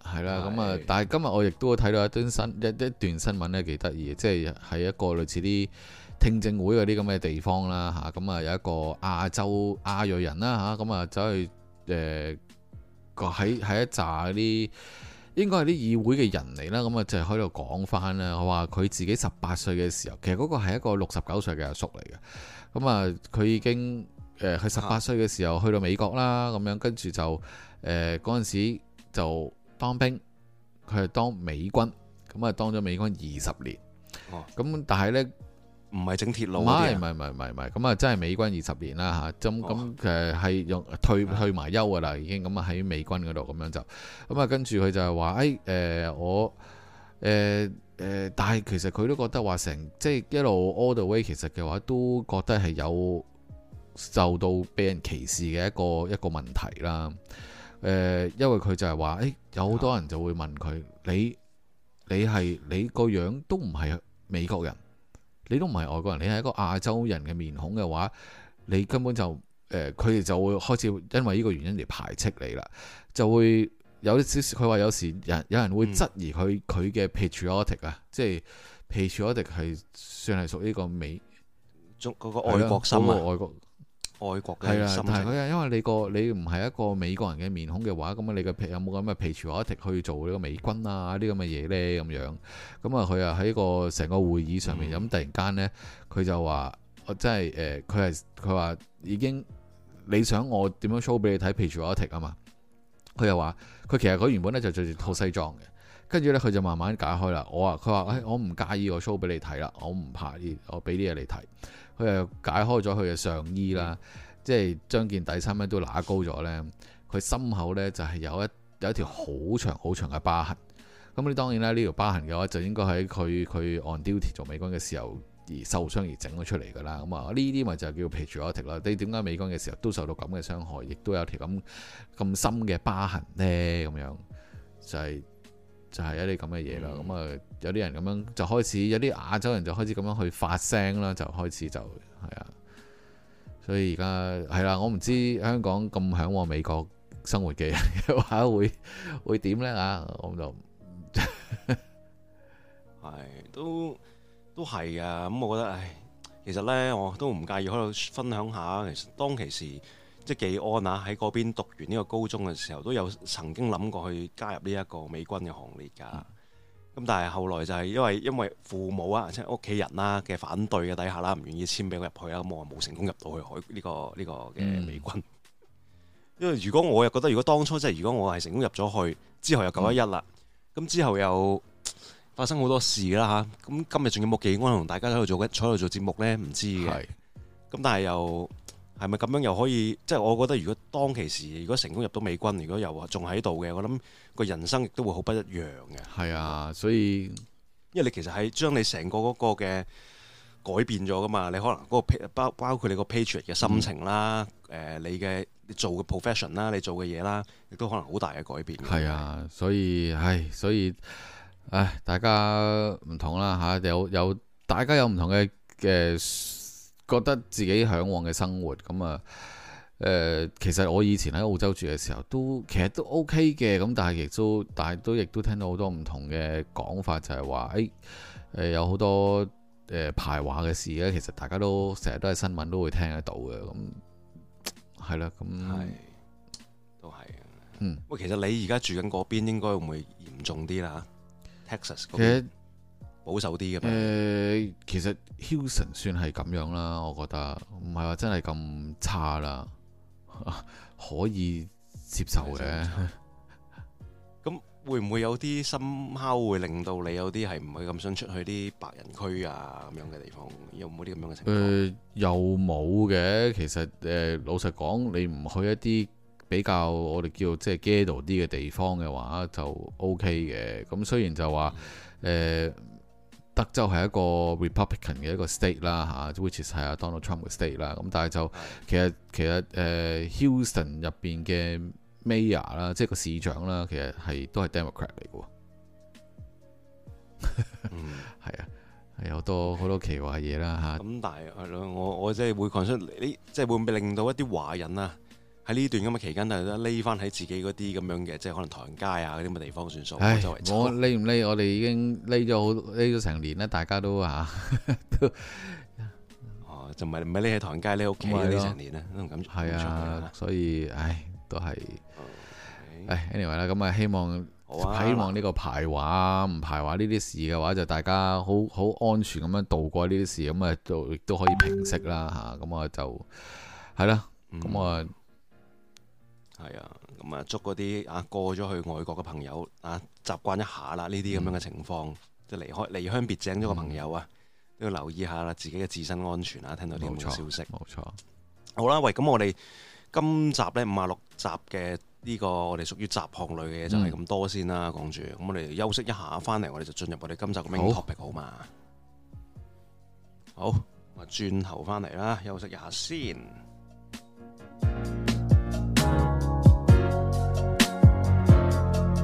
係啦，咁啊，是但係今日我亦都睇到一段新一一段新聞咧，幾得意，即係喺一個類似啲聽證會嗰啲咁嘅地方啦，嚇咁啊，有一個亞洲亞裔人啦，嚇咁啊，走去誒喺喺一紮嗰啲。應該係啲議會嘅人嚟啦，咁啊就喺度講返啦，話佢自己十八歲嘅時候，其實嗰個係一個六十九歲嘅阿叔嚟嘅。咁啊，佢已經誒，佢十八歲嘅時候去到美國啦，咁樣跟住就誒嗰陣時就當兵，佢係當美軍，咁啊當咗美軍二十年。哦，咁但係呢。唔係整鐵路，唔係唔係唔係唔係，咁啊真係美軍二十年啦吓，咁咁誒係用退退埋休噶啦已經，咁啊喺美軍嗰度咁樣就，咁啊跟住佢就係話誒誒我誒誒、呃呃，但係其實佢都覺得話成即係、就是、一路 all the way，其實嘅話都覺得係有受到畀人歧視嘅一個一個問題啦。誒、呃，因為佢就係話誒，有好多人就會問佢你你係你個樣都唔係美國人。你都唔係外國人，你係一個亞洲人嘅面孔嘅話，你根本就誒佢哋就會開始因為呢個原因嚟排斥你啦，就會有啲少少。佢話有時人有人會質疑佢佢嘅 patriotic 啊，嗯、pat otic，即係 patriotic 係算係屬於一個美中個個愛國心心、嗯、愛國。愛國嘅心情，係啊！但係佢因為你個你唔係一個美國人嘅面孔嘅話，咁啊你嘅皮有冇咁嘅皮條阿迪去做呢個美軍啊呢啲咁嘅嘢呢？咁樣，咁啊佢啊喺個成個會議上面咁、嗯、突然間呢，佢就話我真係誒，佢係佢話已經你想我點樣 show 俾你睇，皮條阿迪啊嘛，佢又話佢其實佢原本呢就着住套西裝嘅，跟住呢，佢就慢慢解開啦。我話佢話，我我唔介意我 show 俾你睇啦，我唔怕我俾啲嘢你睇。佢又解開咗佢嘅上衣啦，即係將件底衫咧都拿高咗呢。佢心口呢就係有一有一條好長好長嘅疤痕。咁你當然咧呢條疤痕嘅話，就應該喺佢佢 on duty 做美軍嘅時候而受傷而整咗出嚟噶啦。咁啊呢啲咪就叫 Patriotic 啦。你點解美軍嘅時候都受到咁嘅傷害，亦都有條咁咁深嘅疤痕呢？咁樣就係、是。就係一啲咁嘅嘢啦，咁啊、嗯、有啲人咁樣就開始有啲亞洲人就開始咁樣去發聲啦，就開始就係啊，所以而家係啦，我唔知香港咁嚮往美國生活嘅人嘅話會會點呢啊？我就係 <laughs> 都都係啊，咁、嗯、我覺得唉，其實呢，我都唔介意喺度分享下，其實當其時。即紀安啊！喺嗰邊讀完呢個高中嘅時候，都有曾經諗過去加入呢一個美軍嘅行列㗎。咁、嗯、但係後來就係因為因為父母啊，即係屋企人啦、啊、嘅反對嘅底下啦，唔願意簽俾我入去啦，咁我冇成功入到去海、呢、呢個呢、呢個嘅美軍。嗯、因為如果我又覺得，如果當初即係如果我係成功入咗去，之後又九一一啦，咁、嗯、之後又發生好多事啦嚇。咁、啊、今日仲有冇紀安同大家喺度做緊，坐喺度做節目咧？唔知嘅。咁是但係又。係咪咁樣又可以？即係我覺得，如果當其時如果成功入到美軍，如果又話仲喺度嘅，我諗個人生亦都會好不一樣嘅。係啊，所以因為你其實係將你成個嗰個嘅改變咗噶嘛，你可能嗰個包包括你個 Patriot 嘅心情啦，誒、嗯呃，你嘅做嘅 profession 啦，你做嘅嘢啦，亦都可能好大嘅改變。係啊，所以唉，所以唉，大家唔同啦嚇、啊，有有大家有唔同嘅嘅。覺得自己嚮往嘅生活咁啊，誒、呃，其實我以前喺澳洲住嘅時候都，其實都 OK 嘅，咁但係亦都，但係都亦都聽到好多唔同嘅講法，就係話，誒，誒、呃、有好多誒、呃、排華嘅事咧，其實大家都成日都係新聞都會聽得到嘅，咁係啦，咁係都係，嗯，喂，其實你而家住緊嗰邊應該會唔會嚴重啲啦？Texas 嗰邊。其實保守啲嘅嘛？誒、嗯，其實 Hilson 算係咁樣啦，我覺得唔係話真係咁差啦， <laughs> 可以接受嘅。咁 <laughs> 會唔會有啲深烤會令到你有啲係唔會咁想出去啲白人區啊咁樣嘅地方？有冇啲咁樣嘅情況？誒、嗯，又冇嘅。其實誒、呃，老實講，你唔去一啲比較我哋叫即係 Ghetto 啲嘅地方嘅話，就 OK 嘅。咁雖然就話誒、嗯呃德州係一個 Republican 嘅一個 state 啦，嚇，which is 係 Donald Trump 嘅 state 啦。咁但係就其實其實誒 Houston 入邊嘅 Mayor 啦，即係個市長啦，其實係、呃、都係 Democrat 嚟嘅，係、 <laughs> 嗯、 <laughs> 啊，係好多好 okay. 多奇怪嘢啦嚇。咁、啊、但係係咯，我我 concern，即係會講出呢，即係會唔會令到一啲華人啊？喺呢段咁嘅期間都係匿翻喺自己嗰啲咁樣嘅，即係可能唐人街啊嗰啲咁嘅地方算數。我匿唔匿？我哋已經匿咗好匿咗成年啦，大家都吓，都哦，就唔係唔係匿喺唐人街，匿屋企咯。成年啊，都唔敢出。係啊，所以唉，都係唉，anyway 啦，咁啊，希望希望呢個排話唔排話呢啲事嘅話，就大家好好安全咁樣度過呢啲事，咁啊，就亦都可以平息啦吓，咁我就係啦，咁啊。係啊，咁、嗯、啊，祝嗰啲啊過咗去外國嘅朋、啊嗯、朋友啊，習慣一下啦，呢啲咁樣嘅情況，即係離開離鄉別井咗嘅朋友啊，都要留意下啦，自己嘅自身安全啊，聽到啲咁嘅消息。冇錯，錯好啦，喂，咁我哋今集呢，五啊六集嘅呢個，我哋屬於雜項類嘅嘢就係咁多先啦，講住、嗯，咁我哋休息一下，翻嚟我哋就進入我哋今集嘅 main topic 好嘛？好，咁啊，轉頭翻嚟啦，休息一下先。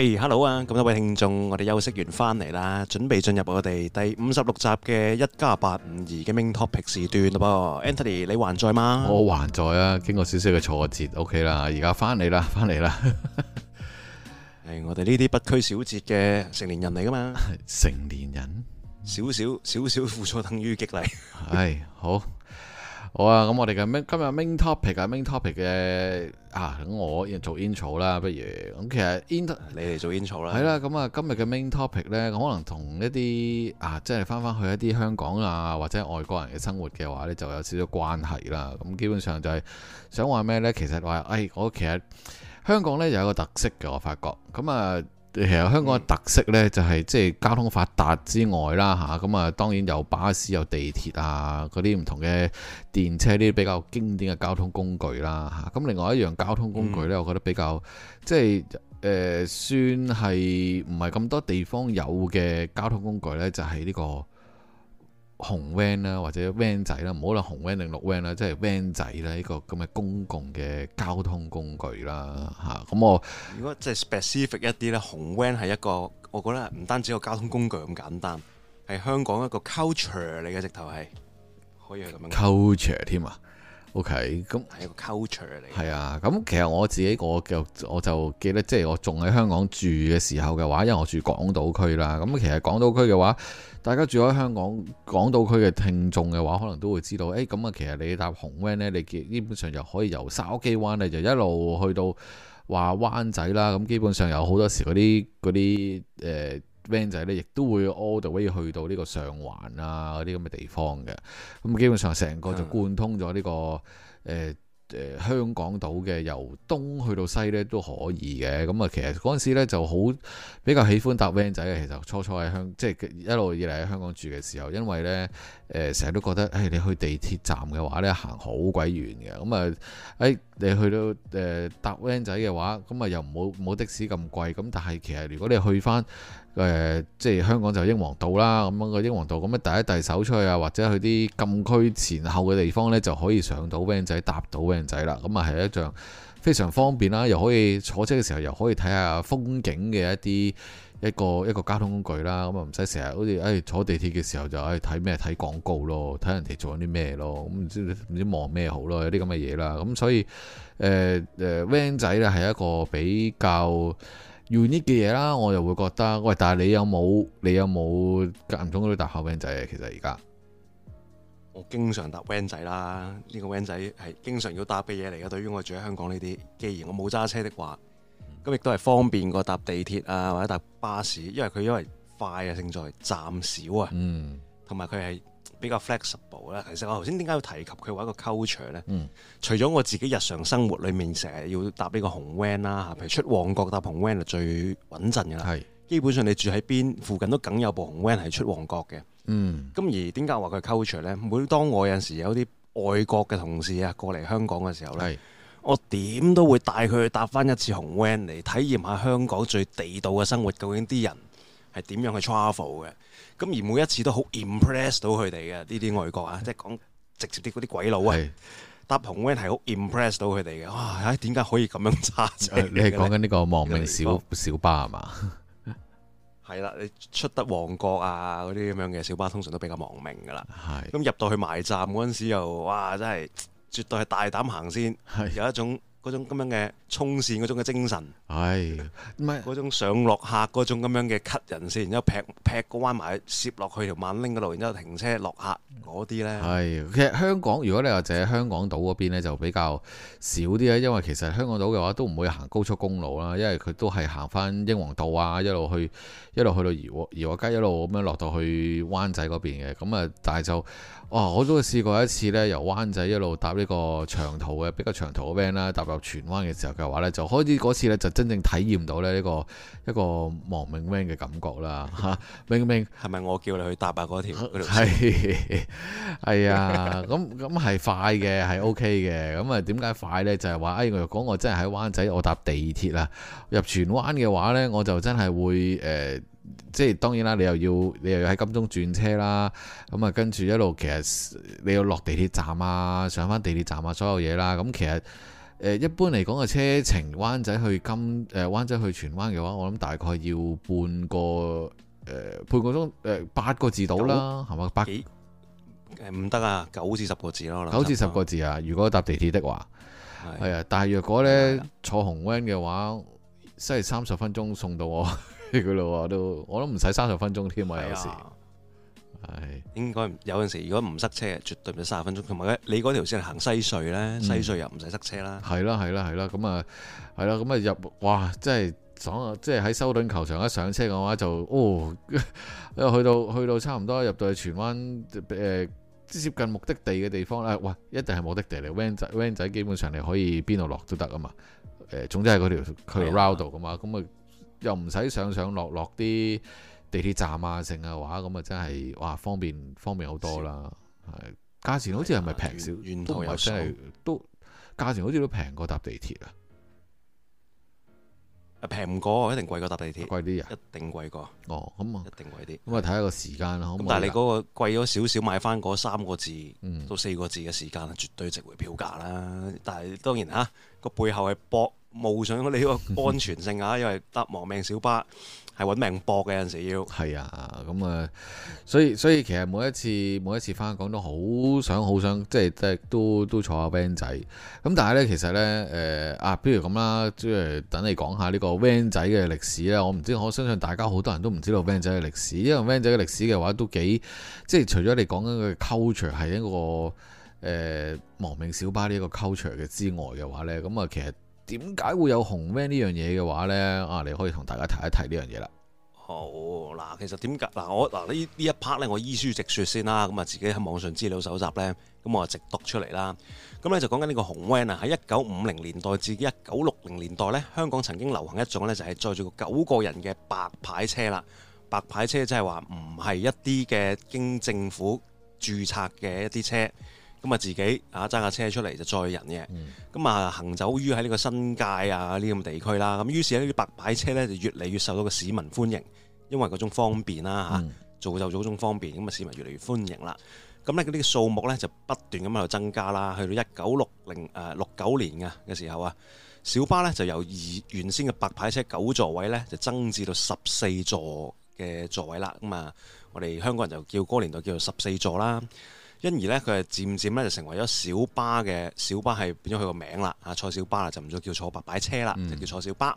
誒，hello 啊！咁多位聽眾，我哋休息完返嚟啦，準備進入我哋第五十六集嘅一加八五二嘅 main topic 時段咯噃。Anthony，你還在嗎？我還在啊，經過少少嘅挫折，OK 啦，而家返嚟啦，返嚟啦。誒，我哋呢啲不拘小節嘅成年人嚟噶嘛？成年人，少少少少付出等於激勵。係好。好啊，咁我哋嘅 main 今日 main topic 啊 main topic 嘅啊，咁我做 intro 啦，不如咁，其實 intro 你哋做 intro 啦，係啦、啊，咁啊今日嘅 main topic 咧，可能同一啲啊，即係翻翻去一啲香港啊，或者外國人嘅生活嘅話咧，就有少少關係啦。咁基本上就係想話咩咧？其實話，誒、哎，我其實香港咧就有一個特色嘅，我發覺咁啊。其實香港嘅特色呢，就係即係交通發達之外啦，嚇咁啊，當然有巴士、有地鐵啊，嗰啲唔同嘅電車呢啲比較經典嘅交通工具啦，嚇咁另外一樣交通工具呢，我覺得比較、嗯、即係誒、呃、算係唔係咁多地方有嘅交通工具呢，就係呢個。紅 van 啦，an，或者 van 仔啦，唔好論紅 van 定綠 van 啦，即係 van 仔啦，呢個咁嘅公共嘅交通工具啦，嚇、嗯。咁、啊、我如果即係 specific 一啲咧，紅 van 係一個，我覺得唔單止個交通工具咁簡單，係香港一個 culture 嚟嘅，直頭係可以係咁樣 culture 添啊！OK，咁係一個 culture 嚟。係啊，咁其實我自己我就我就記得，即係我仲喺香港住嘅時候嘅話，因為我住港島區啦。咁其實港島區嘅話，大家住喺香港港島區嘅聽眾嘅話，可能都會知道，誒咁啊，其實你搭紅 van 呢，你基本上就可以由筲箕灣呢就一路去到話灣仔啦。咁基本上有好多時嗰啲啲誒。van 仔呢，亦都會 order 可以去到呢個上環啊，嗰啲咁嘅地方嘅。咁基本上成個就貫通咗呢、這個誒誒、呃呃、香港島嘅，由東去到西呢都可以嘅。咁、嗯、啊，其實嗰陣時呢就好比較喜歡搭 van 仔嘅。其實初初喺香即係一路以嚟喺香港住嘅時候，因為呢誒成日都覺得誒、哎、你去地鐵站嘅話呢，行好鬼遠嘅。咁啊誒你去到誒、呃、搭 van 仔嘅話，咁、嗯、啊又冇冇的士咁貴。咁但係其實如果你去翻。誒、呃，即係香港就英皇道啦，咁樣個英皇道咁樣、嗯、第一第一手出去啊，或者去啲禁區前後嘅地方呢，就可以上到 van 仔搭到 van 仔啦。咁啊係一種非常方便啦，又可以坐車嘅時候又可以睇下風景嘅一啲一個一個交通工具啦。咁啊唔使成日好似誒坐地鐵嘅時候就誒睇咩睇廣告咯，睇人哋做緊啲咩咯，咁、嗯、唔知唔知望咩好咯，有啲咁嘅嘢啦。咁、嗯、所以誒誒、呃呃、van 仔呢，係一個比較。unique 嘅嘢啦，我又會覺得，喂！但係你有冇？你有冇間中嗰啲搭客 van 仔啊？其實而家我經常搭 van 仔啦，呢、這個 van 仔係經常要搭嘅嘢嚟嘅。對於我住喺香港呢啲，既然我冇揸車的話，咁、嗯、亦都係方便過搭地鐵啊，或者搭巴士，因為佢因為快啊，勝在站少啊，嗯，同埋佢係。比較 flexible 咧，其實我頭先點解要提及佢話一個 culture 咧？嗯，除咗我自己日常生活裏面，成日要搭呢個紅 van 啦，嚇，譬如出旺角搭紅 van 係最穩陣㗎啦。係是，基本上你住喺邊附近都梗有部紅 van 係出旺角嘅。嗯，咁而點解話佢 culture 咧？每當我有時有啲外國嘅同事啊過嚟香港嘅時候咧，是我點都會帶佢去搭返一次紅 van 嚟體驗下香港最地道嘅生活，究竟啲人係點樣去 travel 嘅？咁而每一次都好 impress 到佢哋嘅呢啲外國啊，即係講直接啲嗰啲鬼佬啊，搭紅 van 係好 impress 到佢哋嘅。哇，唉點解可以咁樣揸車？你係講緊呢個亡命小小巴係嘛？係啦，你出得旺角啊嗰啲咁樣嘅小巴通常都比較亡命噶啦。係咁，入到去埋站嗰陣時又，哇，真係絕對係大膽行先，的有一種。嗰種咁樣嘅衝線嗰種嘅精神，係唔係嗰種上落客嗰種咁樣嘅吸人線，然之後劈劈個彎埋，攝落去條萬拎嗰度，然之後停車落客嗰啲呢，係其實香港，如果你話淨係香港島嗰邊咧，就比較少啲咧，因為其實香港島嘅話都唔會行高速公路啦，因為佢都係行翻英皇道啊，一路去一路去到怡和怡和街，一路咁樣落到去灣仔嗰邊嘅，咁啊，但係就。哇、哦！我都試過一次咧，由灣仔一路搭呢個長途嘅比較長途嘅 van 啦，搭入荃灣嘅時候嘅話呢就開始嗰次呢就真正體驗到咧、這、呢個一個亡命 van 嘅感覺啦嚇、啊！明明係咪我叫你去搭啊嗰條？係係 <laughs> 啊！咁咁係快嘅，係 OK 嘅。咁啊，點解快呢？就係話誒，我、哎、若果我真係喺灣仔，我搭地鐵啦入荃灣嘅話呢，我就真係會誒。呃即係當然啦，你又要你又要喺金鐘轉車啦，咁啊跟住一路其實你要落地鐵站啊，上翻地鐵站啊，所有嘢啦，咁其實誒、呃、一般嚟講嘅車程灣仔去金誒灣仔去荃灣嘅話，我諗大概要半個誒、呃、半個鐘誒八、呃、個字到啦，係咪 9,？八誒唔得啊，九至十個字咯，九至十個字啊，如果搭地鐵的話係是啊，但係若果咧的坐紅 van 嘅話，即係三十分鐘送到我。 <laughs> 佢 <laughs> 咯，都我都唔使三十分鐘添啊！有時係應該有陣時，如果唔塞車嘅，絕對唔使三十分鐘。同埋咧，你嗰條線行西隧咧，西隧又唔使塞車啦。係啦，係啦，係啦。咁啊，係啦。咁啊入哇，即係講啊，即係喺修頓球場一上車嘅話就哦，又去到去到差唔多入到去荃灣誒，接近目的地嘅地方啦。哇，一定係目的地嚟。van 仔 van 仔基本上你可以邊度落都得噶嘛。誒，總之係嗰條嗰條 round 度噶嘛。咁啊。又唔使上上落落啲地鐵站啊，剩啊話咁啊，真係哇方便方便好多啦！係價錢好似係咪平少？唔係真係都價錢好似都平過搭地鐵啊！平唔過一定貴過搭地鐵，貴啲啊！一定貴過哦，咁啊一定貴啲。咁啊睇下個時間啦，咁但係你嗰個貴咗少少，買翻嗰三個字到四個字嘅時間，絕對值回票價啦！但係當然吓個背後係搏。冇上咁你呢個安全性啊，因為搭亡命小巴係揾命搏嘅，有陣時要。係啊，咁啊，所以所以其實每一次每一次翻港都好想好想即係都都坐下 van 仔。咁但係咧，其實咧誒啊，比如咁啦，即係等你講下呢個 van 仔嘅歷史啦。我唔知我相信大家好多人都唔知道 van 仔嘅歷史，因為 van 仔嘅歷史嘅話都幾即係除咗你講緊嘅 culture 係一個誒、呃、亡命小巴呢個 culture 嘅之外嘅話咧，咁啊其實。點解會有紅 van 呢樣嘢嘅話呢？啊，你可以同大家提一提呢樣嘢啦。好嗱，其實點解嗱我嗱呢呢一 part 呢，我依書直說先啦。咁啊，自己喺網上資料搜集呢，咁我就直讀出嚟啦。咁呢就講緊呢個紅 van 啊，喺一九五零年代至一九六零年代呢，香港曾經流行一種呢，就係載住個九個人嘅白牌車啦。白牌車即係話唔係一啲嘅經政府註冊嘅一啲車。咁啊，自己啊揸架車出嚟就載人嘅，咁啊、嗯、行走於喺呢個新界啊呢啲咁地區啦，咁於是呢啲白牌車呢就越嚟越受到個市民歡迎，因為嗰種方便啦嚇，做就做種方便，咁、嗯、啊市民越嚟越歡迎啦。咁呢嗰啲數目呢就不斷咁喺度增加啦，去到一九六零誒六九年啊嘅時候啊，小巴呢就由二原先嘅白牌車九座位呢就增至到十四座嘅座位啦。咁、嗯、啊，我哋香港人就叫嗰年代叫做十四座啦。因而咧，佢係漸漸咧就成為咗小巴嘅小，小，小巴，係變咗佢個名啦。啊，坐小巴啦，就唔再叫坐白牌車啦，就叫坐小巴。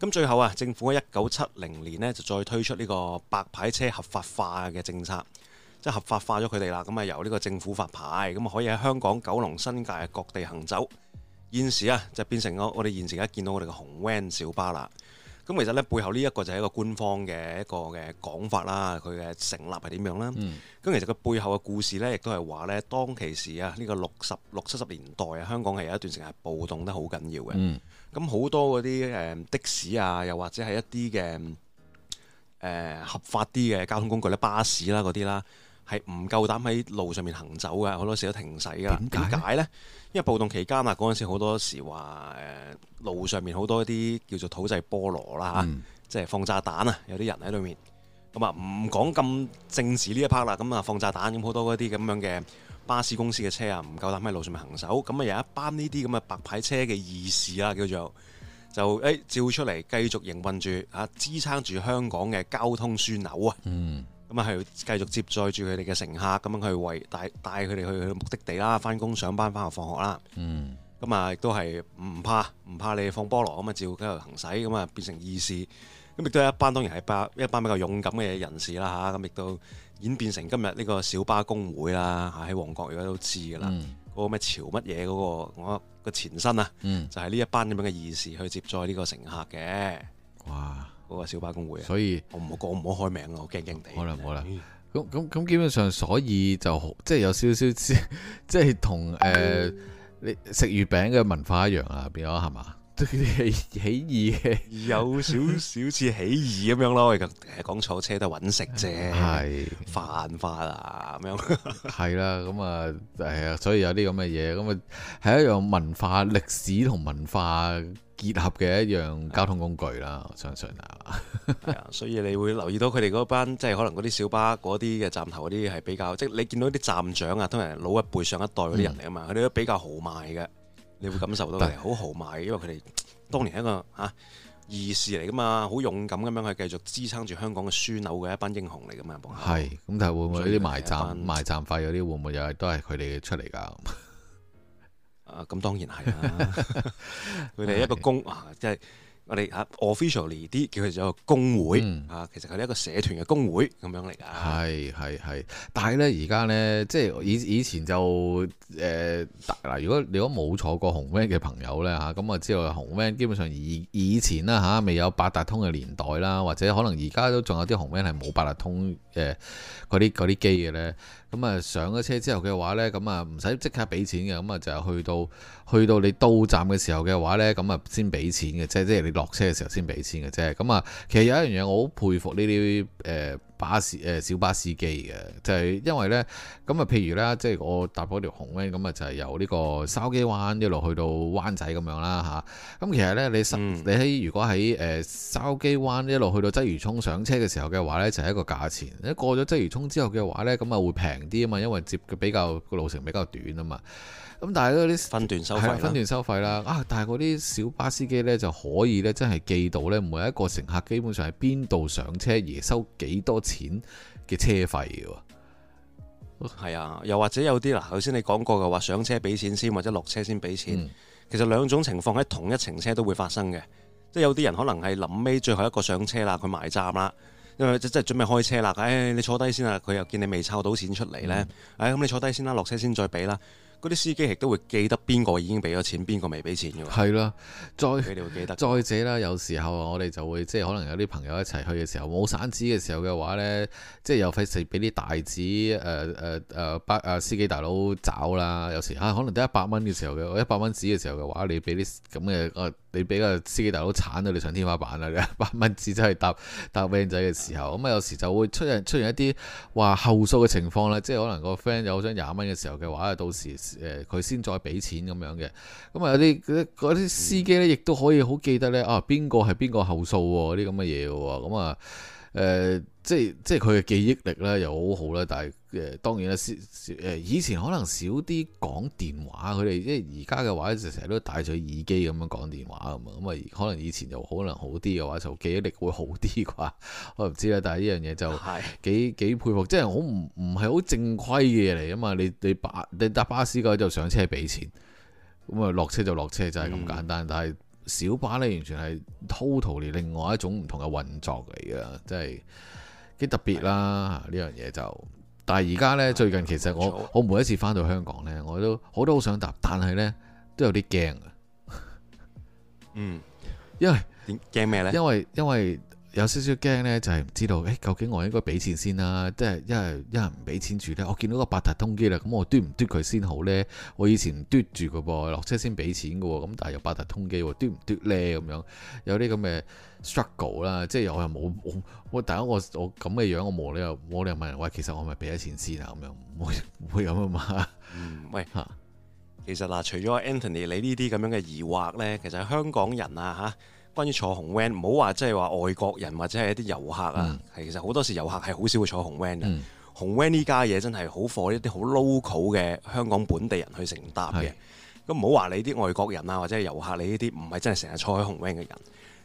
咁最後啊，政府喺一九七零年呢就再推出呢個白牌車合法化嘅政策，即係合法化咗佢哋啦。咁啊，由呢個政府發牌，咁啊可以喺香港九龍、新界嘅各地行走。現時啊，就變成我我哋現時而家見到我哋嘅紅 van 小巴啦。咁其實咧，背後呢一個就係一個官方嘅一個嘅講法啦，佢嘅成立係點樣啦？咁、嗯、其實佢背後嘅故事呢，亦都係話呢，當其時啊，呢、呢個六十六七十年代啊，香港係有一段時間係暴動得好緊要嘅。咁好、嗯、多嗰啲誒的士啊，又或者係一啲嘅誒合法啲嘅交通工具咧，巴士啦嗰啲啦，係唔夠膽喺路上面行走嘅，好多時候都停駛㗎。點解呢？因為暴動期間啊，嗰陣時好多時話誒、呃、路上面好多一啲叫做土製菠蘿啦嚇，嗯、即係放炸彈啊，有啲人喺裏面。咁啊唔講咁政治呢一 part 啦，咁啊放炸彈咁好多嗰啲咁樣嘅巴士公司嘅車啊，唔夠膽喺路上面行走。咁啊有一班呢啲咁嘅白牌車嘅義士啦、啊，叫做就誒、欸、照出嚟繼續營運住嚇、啊，支撐住香港嘅交通樞紐啊。嗯。咁啊，係繼續接載住佢哋嘅乘客，咁樣去為帶帶佢哋去去目的地啦，返工上班，返學放學啦。嗯，咁啊，亦都係唔怕唔怕你放菠蘿咁啊，照繼續行駛，咁啊，變成義士。咁亦都有一班當然係一班比較勇敢嘅人士啦，吓咁亦都演變成今日呢個小巴工會啦，吓喺旺角，而家都知㗎啦。嗰、嗯、個咩潮乜嘢嗰個我個前身啊，嗯、就係呢一班咁樣嘅義士去接載呢個乘客嘅。哇！嗰個小巴工會，所以我唔好講，唔好開名，我驚驚地。好啦了，好啦了，咁咁咁基本上，所以就即係有少少即係同誒你食月餅嘅文化一樣啊，變咗係嘛？起 <laughs> 起義有少少似起義咁樣咯。我哋 <laughs> 講坐車都係揾食啫，係犯法啊咁樣。係啦、 <laughs> 啊，咁啊係啊，所以有啲咁嘅嘢，咁啊係一樣文化、歷史同文化結合嘅一樣交通工具啦。我相信啊，係 <laughs> 啊，所以你會留意到佢哋嗰班即係可能嗰啲小巴嗰啲嘅站頭嗰啲係比較，即、就、係、是、你見到啲站長啊，通常老一輩上一代嗰啲人嚟啊嘛，佢哋、嗯、都比較豪邁嘅。你會感受到嘅，好豪邁，因為佢哋當年一個嚇、啊、義士嚟噶嘛，好勇敢咁樣去繼續支撐住香港嘅樞紐嘅一班英雄嚟噶嘛，係咁就會唔會啲埋站埋站費嗰啲，會唔會又係都係佢哋出嚟㗎？啊，咁、嗯、當然係啦、啊，佢哋 <laughs> <laughs> 一個工， <laughs> 是啊，即係。我哋嚇 official 啲叫佢做公會嚇，其實係一個社團嘅公會咁、嗯、樣嚟㗎。係係係，但係呢，而家呢，即係以以前就誒嗱、呃，如果你冇坐過紅 van 嘅朋友呢，嚇，咁啊知道紅 van 基本上以以前啦嚇，未有八達通嘅年代啦，或者可能而家都仲有啲紅 van 係冇八達通誒嗰啲啲機嘅呢，咁啊上咗車之後嘅話呢，咁啊唔使即刻俾錢嘅，咁啊就去到去到你到站嘅時候嘅話呢，咁啊先俾錢嘅，即係即係你落車嘅時候先俾錢嘅啫。咁啊，其實有一樣嘢我好佩服呢啲、呃、巴士、呃、小巴司機嘅，就係因為呢。咁啊，譬如呢，即係我搭嗰條紅 VAN 呢，咁啊就係由呢個筲箕灣一路去到灣仔咁樣啦嚇。咁其實呢，你你喺如果喺誒筲箕灣一路去到鰂魚涌上車嘅時候嘅話呢，就係一個價錢。一過咗鰂魚涌之後嘅話呢，咁啊會平。啲啊嘛，因為接嘅比較個路程比較短啊嘛，咁但係咧啲分段收費係分段收費啦啊！但係嗰啲小巴司機呢，就可以呢，真係記到咧，每一個乘客基本上喺邊度上車而收幾多錢嘅車費喎。係啊，又或者有啲嗱，頭先你講過嘅話，上車俾錢先，或者落車先俾錢，嗯、其實兩種情況喺同一程車都會發生嘅，即係有啲人可能係臨尾最後一個上車啦，佢埋站啦。即即係準備開車啦，誒、哎、你坐低先啦！佢又見你未摷到錢出嚟呢。誒咁、嗯哎、你坐低先啦，落車先再俾啦。嗰啲司機亦都會記得邊個已經俾咗錢，邊個未俾錢嘅喎。係啦的，再佢哋會記得再。再者、呃呃呃、啦，有時候我哋就會即係可能有啲朋友一齊去嘅時候，冇散紙嘅時候嘅話呢，即係又費事俾啲大紙誒誒誒司機大佬找啦。有時嚇可能得一百蚊嘅時候嘅，一百蚊紙嘅時候嘅話，你俾啲咁嘅。呃你俾個司機大佬鏟到你上天花板啦！你百蚊紙真係搭搭靚仔嘅時候，咁、嗯、啊有時就會出現出現一啲話後數嘅情況咧，即係可能個 friend 有張廿蚊嘅時候嘅話，到時誒佢先再俾錢咁樣嘅，咁啊有啲嗰啲司機咧，亦都可以好記得咧，啊邊個係邊個後數喎啲咁嘅嘢喎，咁啊誒。嗯呃即係即係佢嘅記憶力咧又好好咧，但係誒、呃、當然啦少以前可能少啲講電話，佢哋即係而家嘅話就成日都戴咗耳機咁樣講電話咁啊，咁啊可能以前又可能好啲嘅話就記憶力會好啲啩，我唔知啦。但係呢樣嘢就幾的幾，幾佩服，即係我唔唔係好正規嘅嘢嚟啊嘛！你你巴你搭巴士嗰啲就上車俾錢，咁啊落車就落車就係、是、咁簡單。嗯、但係小巴呢，完全係 totally 另外一種唔同嘅運作嚟嘅，即係。幾特別啦，呢樣嘢就，但係而家呢，嗯、最近其實我、嗯、我每一次返到香港呢，我都好多好想搭，但係呢，都有啲驚啊， <laughs> 因為，嗯，因為驚咩呢？因為因為。有少少驚呢，就係唔知道，誒究竟我應該俾錢先啦？即係一係一係唔俾錢住呢，我見到個八達通機啦，咁我嘟唔嘟佢先好呢？我以前嘟住嘅噃，落車先俾錢嘅喎，咁但係又八達通機，嘟唔嘟呢？咁樣有啲咁嘅 struggle 啦，即係我又冇冇喂，第一我我咁嘅樣，我冇理由冇理由問人喂，其實我咪俾咗錢先啊？咁樣唔會唔會咁啊嘛？喂其實嗱，除咗 Anthony，你呢啲咁樣嘅疑惑呢，其實香港人啊嚇。關於坐紅 van，唔好話即係話外國人或者係一啲遊客啊，嗯、其實好多時遊客係好少會坐紅 van 嘅。嗯、紅 van 呢家嘢真係好 for，一啲好 local 嘅香港本地人去承擔嘅。咁唔好話你啲外國人啊，或者係遊客，你呢啲唔係真係成日坐喺紅 van 嘅人。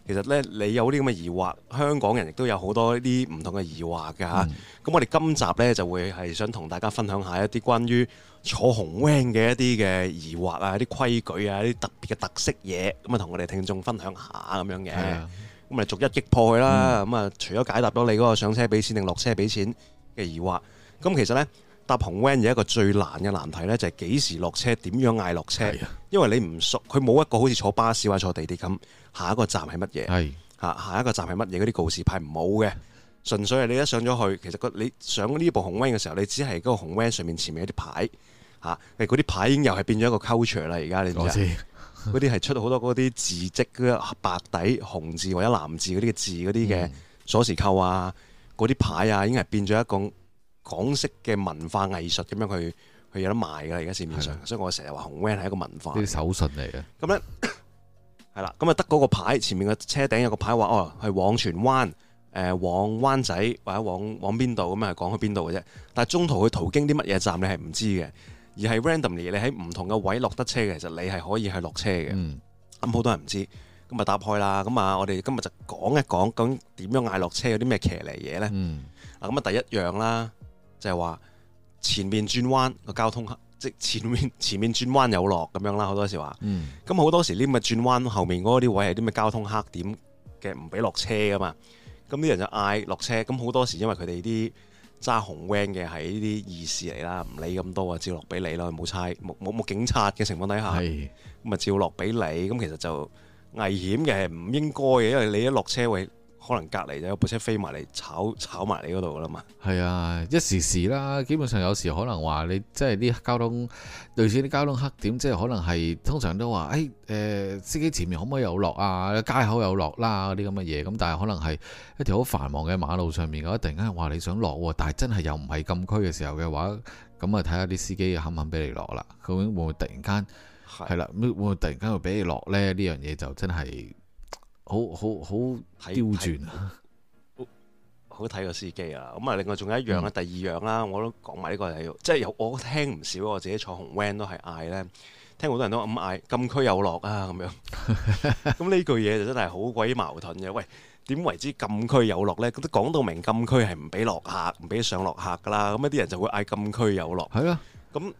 其實咧，你有啲咁嘅疑惑，香港人亦都有好多呢啲唔同嘅疑惑嘅吓。咁、嗯、我哋今集呢，就會係想同大家分享下一啲關於坐紅 van 嘅一啲嘅疑惑啊、一啲規矩啊、一啲特別嘅特色嘢，咁啊同我哋聽眾分享下咁樣嘅。咁啊、嗯、逐一擊破佢啦。咁啊、嗯、除咗解答咗你嗰個上車俾錢定落車俾錢嘅疑惑，咁其實呢。搭紅 van 有一個最難嘅難題呢就係、係、幾時落車，點樣嗌落車。是的 因為你唔熟，佢冇一個好似坐巴士或者坐地鐵咁，下一個站係乜嘢？係是的 下一個站係乜嘢？嗰啲告示牌冇嘅，純粹係你一上咗去，其實你上呢部紅 van 嘅時候，你只係嗰個紅 van 上面前面一啲牌嚇，嗰、啊、啲牌已經又係變咗一個 culture 啦。而家你知唔知？嗰啲係出到好多嗰啲字跡，白底紅字或者藍字嗰啲嘅字嗰啲嘅鎖匙扣啊，嗰啲牌啊，已經係變咗一個。港式嘅文化藝術咁樣，佢佢有得賣噶啦，而家市面上，的所以我成日話紅 van 係一個文化。啲手信嚟嘅。咁咧這樣，係 <laughs> 啦，咁啊得嗰個牌，前面個車頂有個牌話，哦，係往荃灣，誒、呃、往灣仔或者往往邊度咁啊，係講去邊度嘅啫。但係中途去途經啲乜嘢站你你，你係唔知嘅，而係 randomly 你喺唔同嘅位落得車嘅，其實你係可以去落車嘅。咁好、嗯、多人唔知，咁啊搭開啦，咁啊我哋今日就講一講咁點樣嗌落車有啲咩騎嚟嘢咧。啊咁啊第一樣啦。就係話前面轉彎個交通黑，即前面前面轉彎有落咁樣啦。好多時話，咁好、嗯嗯、多時呢咪轉彎後面嗰啲位係啲咩交通黑點嘅唔俾落車噶嘛。咁啲人就嗌落車，咁好多時因為佢哋啲揸紅 van 嘅係呢啲意事嚟啦，唔理咁多啊，照落俾你啦，冇差，冇冇冇警察嘅情況底下，咁咪是照落俾你。咁其實就危險嘅，唔應該嘅，因為你一落車位。可能隔離就有部車飛埋嚟，炒炒埋你嗰度噶啦嘛。係啊，一時時啦。基本上有時可能話你，即係啲交通類似啲交通黑點，即係可能係通常都話，誒、哎、誒、呃，司機前面可唔可以有落啊？街口有落啦，啲咁嘅嘢。咁但係可能係一條好繁忙嘅馬路上面，嗰突然間話你想落、啊，但係真係又唔係禁區嘅時候嘅話，咁啊睇下啲司機肯唔肯俾你落啦、啊。究竟會唔會突然間係啦是、啊？會唔會突然間會俾你落呢？呢樣嘢就真係～好好好刁鑽啊 <laughs> 好睇個司機啊，咁啊，另外仲有一樣啦，嗯、第二樣啦，我都講埋呢個係，即係有我聽唔少，我自己坐紅 van 都係嗌，咧，聽好多人都咁嗌禁區有落啊，咁樣，咁呢 <laughs> 句嘢就真係好鬼矛盾嘅，喂，點為之禁區有落咧？都講到明禁區係唔俾落客，唔俾上落客噶啦，咁一啲人就會嗌禁區有落，係咯、啊，咁。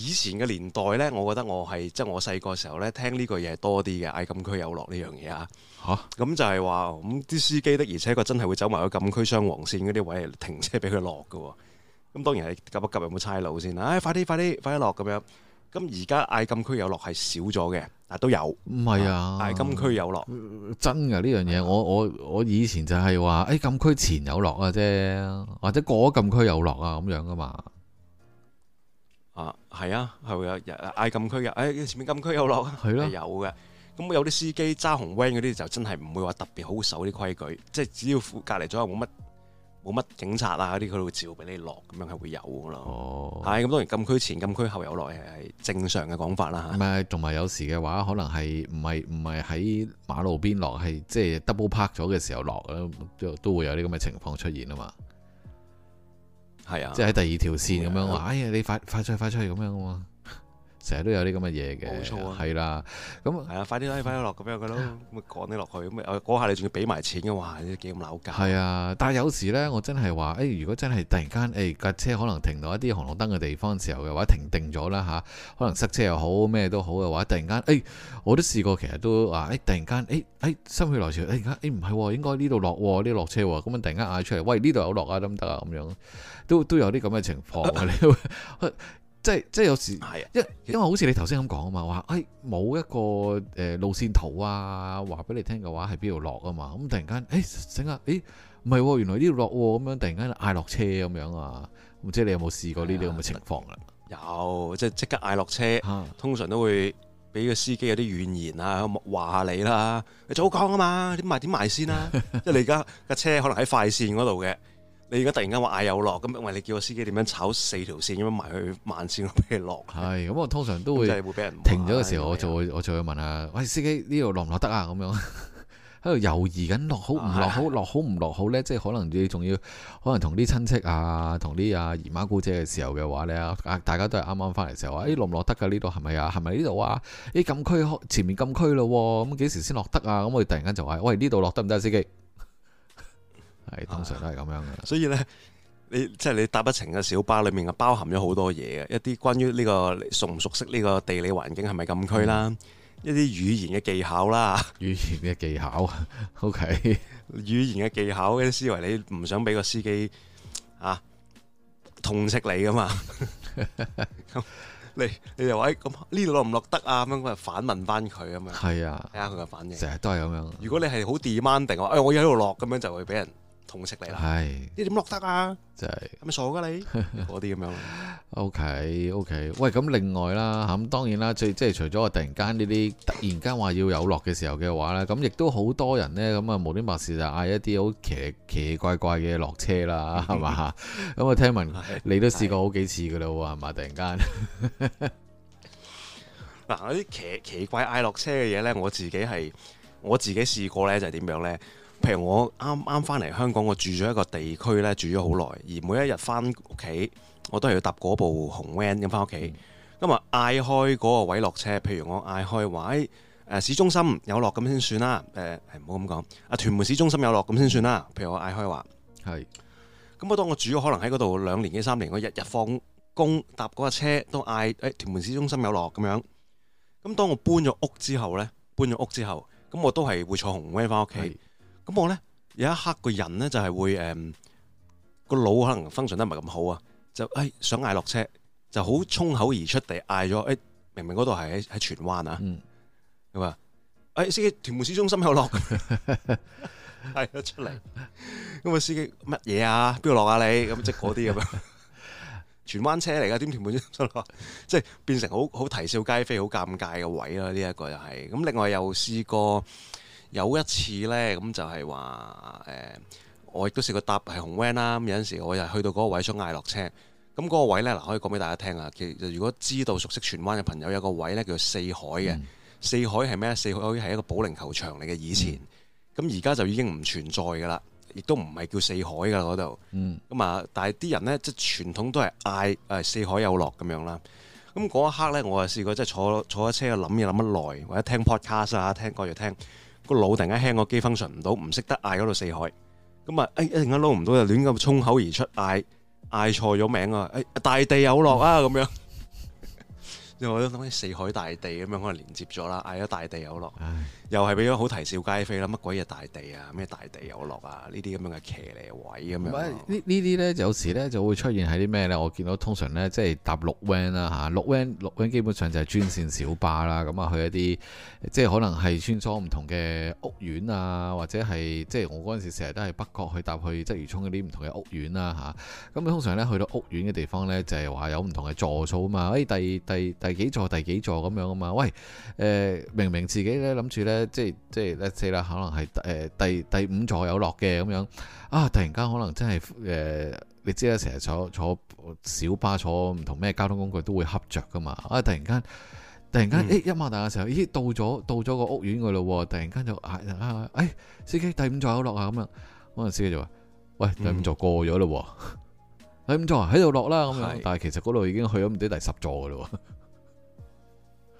以前嘅年代呢，我覺得我係即係我細個時候呢，聽呢個嘢多啲嘅，嗌禁區有落呢樣嘢啊。嚇！咁就係話咁啲司機，的而且確真係會走埋去禁區雙黃線嗰啲位停車俾佢落㗎。咁當然係夾不夾有冇差佬先啦、哎。快啲快啲快啲落咁樣。咁而家嗌禁區有落係少咗嘅，但都有。唔係啊，嗌禁區有落、啊、真㗎呢樣嘢。的我我我以前就係話，哎，禁區前有落啊啫，或者過咗禁區有落啊咁樣㗎嘛。啊，係啊，係會有，嗌、啊、禁區嘅，誒、哎、前面禁區有落啊，係咯、啊嗯，有嘅。咁有啲司機揸紅 van 嗰啲就真係唔會話特別好守啲規矩，即係只要隔離左右冇乜冇乜警察啊嗰啲，佢會照俾你落，咁樣係會有噶咯。係咁、哦哎嗯、當然禁區前、禁區後有落係正常嘅講法啦。唔係，同埋有時嘅話，可能係唔係唔係喺馬路邊落，係即係、就是、double park 咗嘅時候落都都，都會有啲咁嘅情況出現啊嘛。係啊，即係喺第二條線咁的樣話，的哎呀，你快快出去，快出去咁樣喎。成日都有啲咁嘅嘢嘅，冇錯啊，係啦的，咁係啊，快啲拉快啲落咁樣嘅咯，咁啊啲落去，咁的下你仲要俾埋錢嘅話，幾咁扭架？係啊，但係有時咧，我真係話，誒、哎，如果真係突然間，誒、哎、架車可能停到一啲紅綠燈嘅地方時候嘅話，停定咗啦吓，可能塞車又好，咩都好嘅話，突然間，誒、哎，我都試過，其實都話、哎，突然間，誒、哎、誒、哎，心血來潮，誒而家，誒唔係，應該呢度落啲落車，咁樣突然間嗌出嚟，喂呢度有落啊，得唔得啊？咁樣，都都，都有啲咁嘅情況 <laughs> <laughs> 即係即係有時，因的因為好似你頭先咁講啊嘛，話誒冇一個誒路線圖啊，話俾你聽嘅話係邊度落啊嘛，咁突然間誒、欸、醒啊，誒唔係，原來呢度落咁樣，突然間嗌落車咁樣啊，唔知你有冇試過呢啲咁嘅情況啊？有，即係即刻嗌落車，啊、通常都會俾個司機有啲怨言啊，話你啦，你早講啊嘛，點埋點埋先啦、啊， <laughs> 即係你而家架車可能喺快線嗰度嘅。你而家突然間話嗌有落，咁唔係你叫我司機點樣炒四條線咁樣埋去慢線度俾你落？係咁、哎、我通常都會停咗嘅時候，會我就、哎、呀我就會，會問啊，喂，司機呢度落唔落得啊？咁樣喺度猶豫緊落好唔落好，落好唔落好咧？即係可能你仲要可能同啲親戚啊，同啲啊姨媽姑姐嘅時候嘅話咧，大家都係啱啱翻嚟嘅時候，誒落唔落得噶？呢度係咪啊？係咪呢度啊？誒、啊哎、禁區前面禁區咯，咁幾時先落得啊？咁我哋突然間就話，喂，呢度落得唔得啊，司機？係通常都係咁樣嘅、啊，所以咧，就是、你即係你搭一程嘅小巴，裏面啊包含咗好多嘢嘅，一啲關於呢、呢個熟唔熟悉呢個地理環境係咪禁區啦，嗯、一啲語言嘅技巧啦，語言嘅技巧，OK，語言嘅技巧，一啲思維你唔想俾個司機啊痛斥你噶嘛？咁， <laughs> <laughs> 你你就話咁呢度落唔落得啊？咁樣咁反問翻佢咁樣，係啊，睇下佢嘅反應。成日都係咁樣。如果你係好 demanding 哎，我要喺度落，咁樣就會俾人。同識你啦，你點落得啊？真係係咪傻噶你嗰啲咁樣？OK OK，喂咁另外啦嚇咁當然啦，最即係除咗我突然間呢啲突然間話要有落嘅時候嘅話咧，咁亦都好多人咧咁啊無端白事就嗌一啲好奇奇怪怪嘅落車啦，係嘛嚇？咁啊聽聞你都試過好幾次噶啦喎，係嘛？突然間嗱嗰啲奇奇怪嗌落車嘅嘢咧，我自己係我自己試過咧，就係點樣咧？譬如我啱啱翻嚟香港，我住咗一個地區咧，住咗好耐。而每一日翻屋企，我都係要搭嗰部紅 van 咁翻屋企。咁日嗌開嗰個位落車，譬如我嗌開話誒，市中心有落咁先算啦。誒，唔好咁講，阿屯門市中心有落咁先算啦。譬如我嗌開話係咁，我當我住咗可能喺嗰度兩年幾三年，我日日放工搭嗰架車都嗌誒屯門市中心有落咁樣。咁當我搬咗屋之後咧，搬咗屋之後，咁我都係會坐紅 van 翻屋企。咁我咧有一刻呢、就是嗯，個人咧就係會誒個腦可能分 u 得唔係咁好啊，就誒、哎、想嗌落車，就好衝口而出地嗌咗誒，明明嗰度係喺喺荃灣啊，咁啊、嗯，誒、哎、司機屯門市中心有落，嗌咗 <laughs> 出嚟，咁啊司機乜嘢啊？邊度落啊你？咁即嗰啲咁樣， <laughs> 荃灣車嚟噶，點屯門中心落，即、就、係、是、變成好好啼笑皆非、好尷尬嘅位啦、啊。呢、這、一個又、就、係、是，咁另外又試過，有一次呢，咁就係話誒，我亦都試過搭係紅 van 啦。咁、嗯、有陣時我又去到嗰個位想嗌落車，咁嗰個位呢，嗱，可以講俾大家聽啊。其實如果知道熟悉荃灣嘅朋友，有個位呢叫四海嘅。四海係咩？四海可以係一個保齡球場嚟嘅，以前。咁而家就已經唔存在㗎啦，亦都唔係叫四海㗎喇嗰度。咁啊，嗯、但係啲人呢，即係傳統都係嗌誒四海有落咁樣啦。咁嗰一刻呢，我就試過即係坐坐喺車度諗嘢諗得耐，或者聽 podcast 啊，聽過就聽。聽聽聽聽聽聽個腦突然間輕，個機 function 唔到，唔識得嗌嗰度四海，咁啊誒，突然間撈唔到又亂咁衝口而出嗌嗌錯咗名啊！誒、哎、大地有落啊咁樣，又我都諗起四海大地咁樣可能連接咗啦，嗌咗大地有落。哎又係俾咗好啼笑皆非啦！乜鬼嘢大地啊？咩大地有落啊？呢啲咁樣嘅騎呢位咁樣。喂，呢呢啲呢，有時呢就會出現喺啲咩呢？我見到通常呢，即係搭綠 van 啦嚇，綠 van 綠 van 基本上就係專線小巴啦。咁啊 <laughs> 去一啲即係可能係穿梭唔同嘅屋苑啊，或者係即係我嗰陣時成日都係北角去搭去鰂魚涌嗰啲唔同嘅屋苑啊嚇。咁通常呢，去到屋苑嘅地方呢，就係話有唔同嘅座數啊嘛。喂，第第第幾座？第幾座咁樣啊嘛？喂，誒、呃、明明自己呢，諗住呢。即係即係咧啦。可能係誒第第五座有落嘅咁樣啊！突然間可能真係誒，你知啦，成日坐坐小巴坐唔同咩交通工具都會恰着噶嘛啊！突然間突然間誒一望大嘅時候，咦到咗到咗個屋苑噶咯，突然間就啊誒司機第五座有落啊咁樣，嗰陣司機就話：喂第五座過咗咯，第五座喺度落啦咁樣。但係其實嗰度已經去咗唔知第十座噶咯。